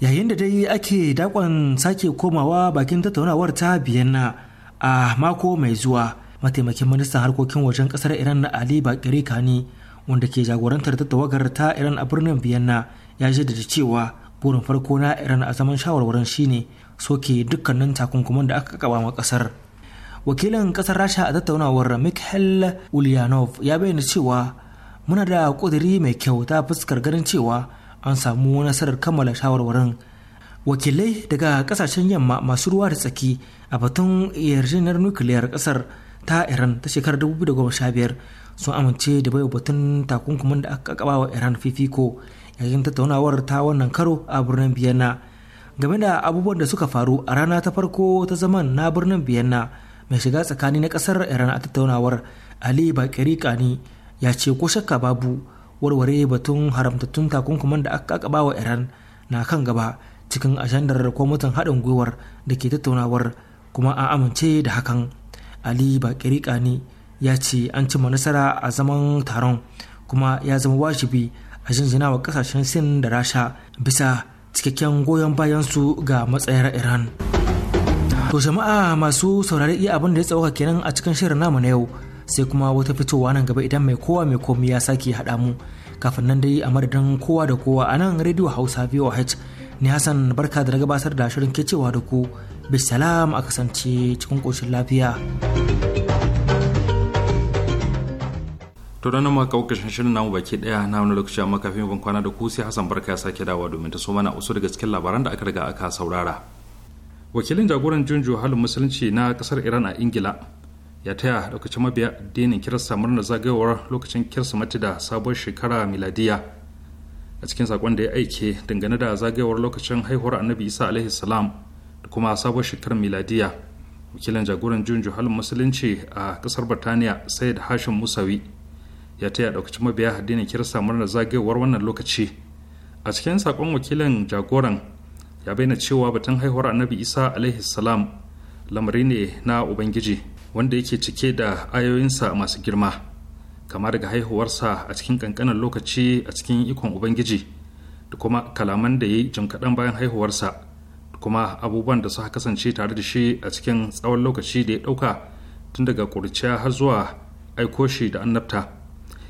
yayin da dai ake dakon sake komawa bakin tattaunawar ta biyanna a mako mai zuwa mataimakin ministan harkokin wajen kasar iran na ali bakirika ne wanda ke jagorantar tawagar ta iran a birnin vienna ya jaddada cewa burin farko na iran a zaman shawarwarin shine soke dukkanin takunkuman da aka kaba ma kasar wakilin kasar rasha a tattaunawar mikhail ulyanov ya bayyana cewa muna da kudiri mai kyau ta fuskar ganin cewa an samu nasarar kammala shawarwarin wakilai daga kasashen yamma masu ruwa da tsaki a batun yarjejeniyar nukiliyar kasar ta iran ta shekarar 2015 sun amince da baiwa batun takunkumin da aka kaba wa iran fifiko yayin tattaunawar ta wannan karo a birnin biyanna game da abubuwan da suka faru a rana ta farko ta zaman na birnin biyanna mai shiga tsakani na kasar iran a tattaunawar ali bakiri kani ya ce ko shakka babu warware batun haramtattun takunkuman da aka kaba wa iran na kan gaba cikin ajandar kwamitin haɗin gwiwar da ke tattaunawar kuma a amince da hakan ali bakiri kani ya ce an cimma nasara a zaman taron kuma ya zama wajibi a jinjina wa kasashen sin da rasha bisa cikakken goyon bayansu ga matsayar iran to jama'a masu saurari iya abin da ya tsawaka kenan a cikin shirin namu na yau sai kuma wata fitowa nan gaba idan mai kowa mai komi ya sake haɗa mu kafin nan dai a madadin kowa da kowa a nan rediyo hausa voh ni hassan barka da na gabatar da shirin ke da ku bisalam a kasance cikin ƙoshin lafiya. to da nan maka ƙarshen shirin namu baki ɗaya na wani lokaci amma kafin ban kwana da ku sai Hassan Barka ya sake dawa domin ta so mana usu daga cikin labaran da aka riga aka saurara wakilin jagoran junju halin musulunci na kasar Iran a Ingila ya taya lokacin mabiya addinin kirista murnar zagayowar lokacin kirsimati da sabuwar shekara miladiya a cikin sakon da ya aike dangane da zagayowar lokacin haihuwar annabi isa alaihi salam da kuma sabuwar shekarar miladiya wakilin jagoran junjo halin musulunci a kasar birtaniya said hashim musawi ya taya daukacin mabiya addinin kirista murnar zagayowar wannan lokaci a cikin sakon wakilin jagoran ya bayyana cewa batun haihuwar annabi isa alaihi salam lamari ne na ubangiji wanda yake cike da ayoyinsa masu girma kama daga haihuwarsa a cikin kankanin lokaci a cikin ikon ubangiji da kuma kalaman da ya yi jim kaɗan bayan haihuwarsa da kuma abubuwan da suka kasance tare da shi a cikin tsawon lokaci da ya ɗauka tun daga ƙuruciya har zuwa aiko shi da annabta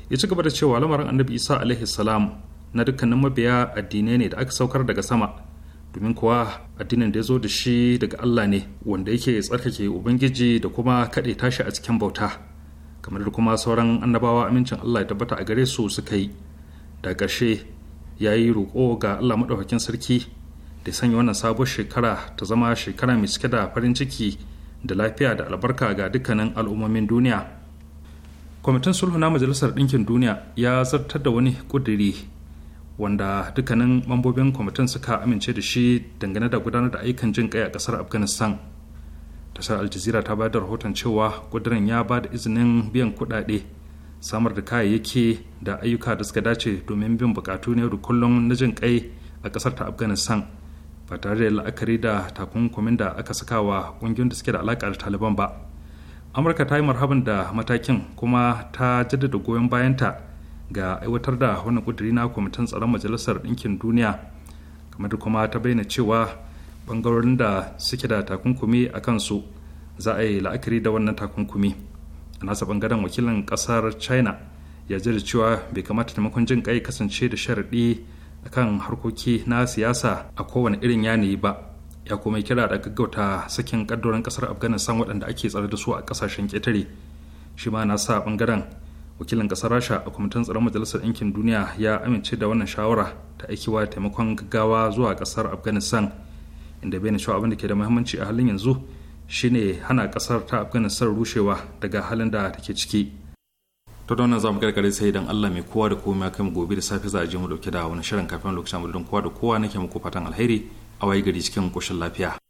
ya ci gaba da cewa lamarin annabi isa alaihi salam na dukkanin mabiya addinai ne da aka saukar daga sama domin kuwa addinin da ya zo da shi daga allah ne wanda yake tsarkake ubangiji da kuma kaɗe tashi a cikin bauta kamar da kuma sauran annabawa amincin allah ya tabbata a gare su suka yi da ƙarshe ya yi roƙo ga allah maɗaukakin sarki da ya sanya wannan sabon shekara ta zama shekara mai cike da farin ciki da lafiya da albarka ga dukkanin al'ummomin duniya kwamitin sulhu na majalisar ɗinkin duniya ya zartar da wani ƙudiri wanda dukkanin mambobin kwamitin suka amince da shi dangane da gudanar da ayyukan jin kai a ƙasar afghanistan tashar aljazira ta bayar da rahoton cewa ƙudirin ya ba da izinin biyan kuɗaɗe samar da kayayyaki da ayyuka da suka dace domin bin buƙatu yau da kullum na jin kai a ƙasar ta afghanistan ba tare da la'akari da takunkumin da aka saka wa ƙungiyoyin da suke da alaƙa da taliban ba amurka ta yi marhaban da matakin kuma ta jaddada goyon bayanta ga aiwatar da wannan kuduri na kwamitin tsaron majalisar ɗinkin duniya kamar da kuma ta bayyana cewa bangarorin da suke da takunkumi a kansu za a yi la'akari da wannan takunkumi a nasa bangaren wakilin kasar china ya jira cewa bai kamata taimakon jin kai kasance da sharaɗi akan harkoki na siyasa a kowane irin yanayi ba ya kuma kira da gaggauta sakin kaddoran kasar afghanistan waɗanda ake tsare da su a kasashen ƙetare shi ma na sa bangaren wakilin kasar rasha a kwamitin tsaron majalisar ɗinkin duniya ya amince da wannan shawara ta aikiwa taimakon gaggawa zuwa kasar afghanistan inda bai cewa abin da ke da muhimmanci a halin yanzu shine hana kasar ta afghanistan rushewa daga halin da take ciki to da wannan zamu karkare sai idan Allah mai kowa da komai kai mu gobe da safe za a je mu dauke da wani shirin kafin lokacin mu don kowa da kowa nake muku fatan alheri a waye gari cikin ƙoshin lafiya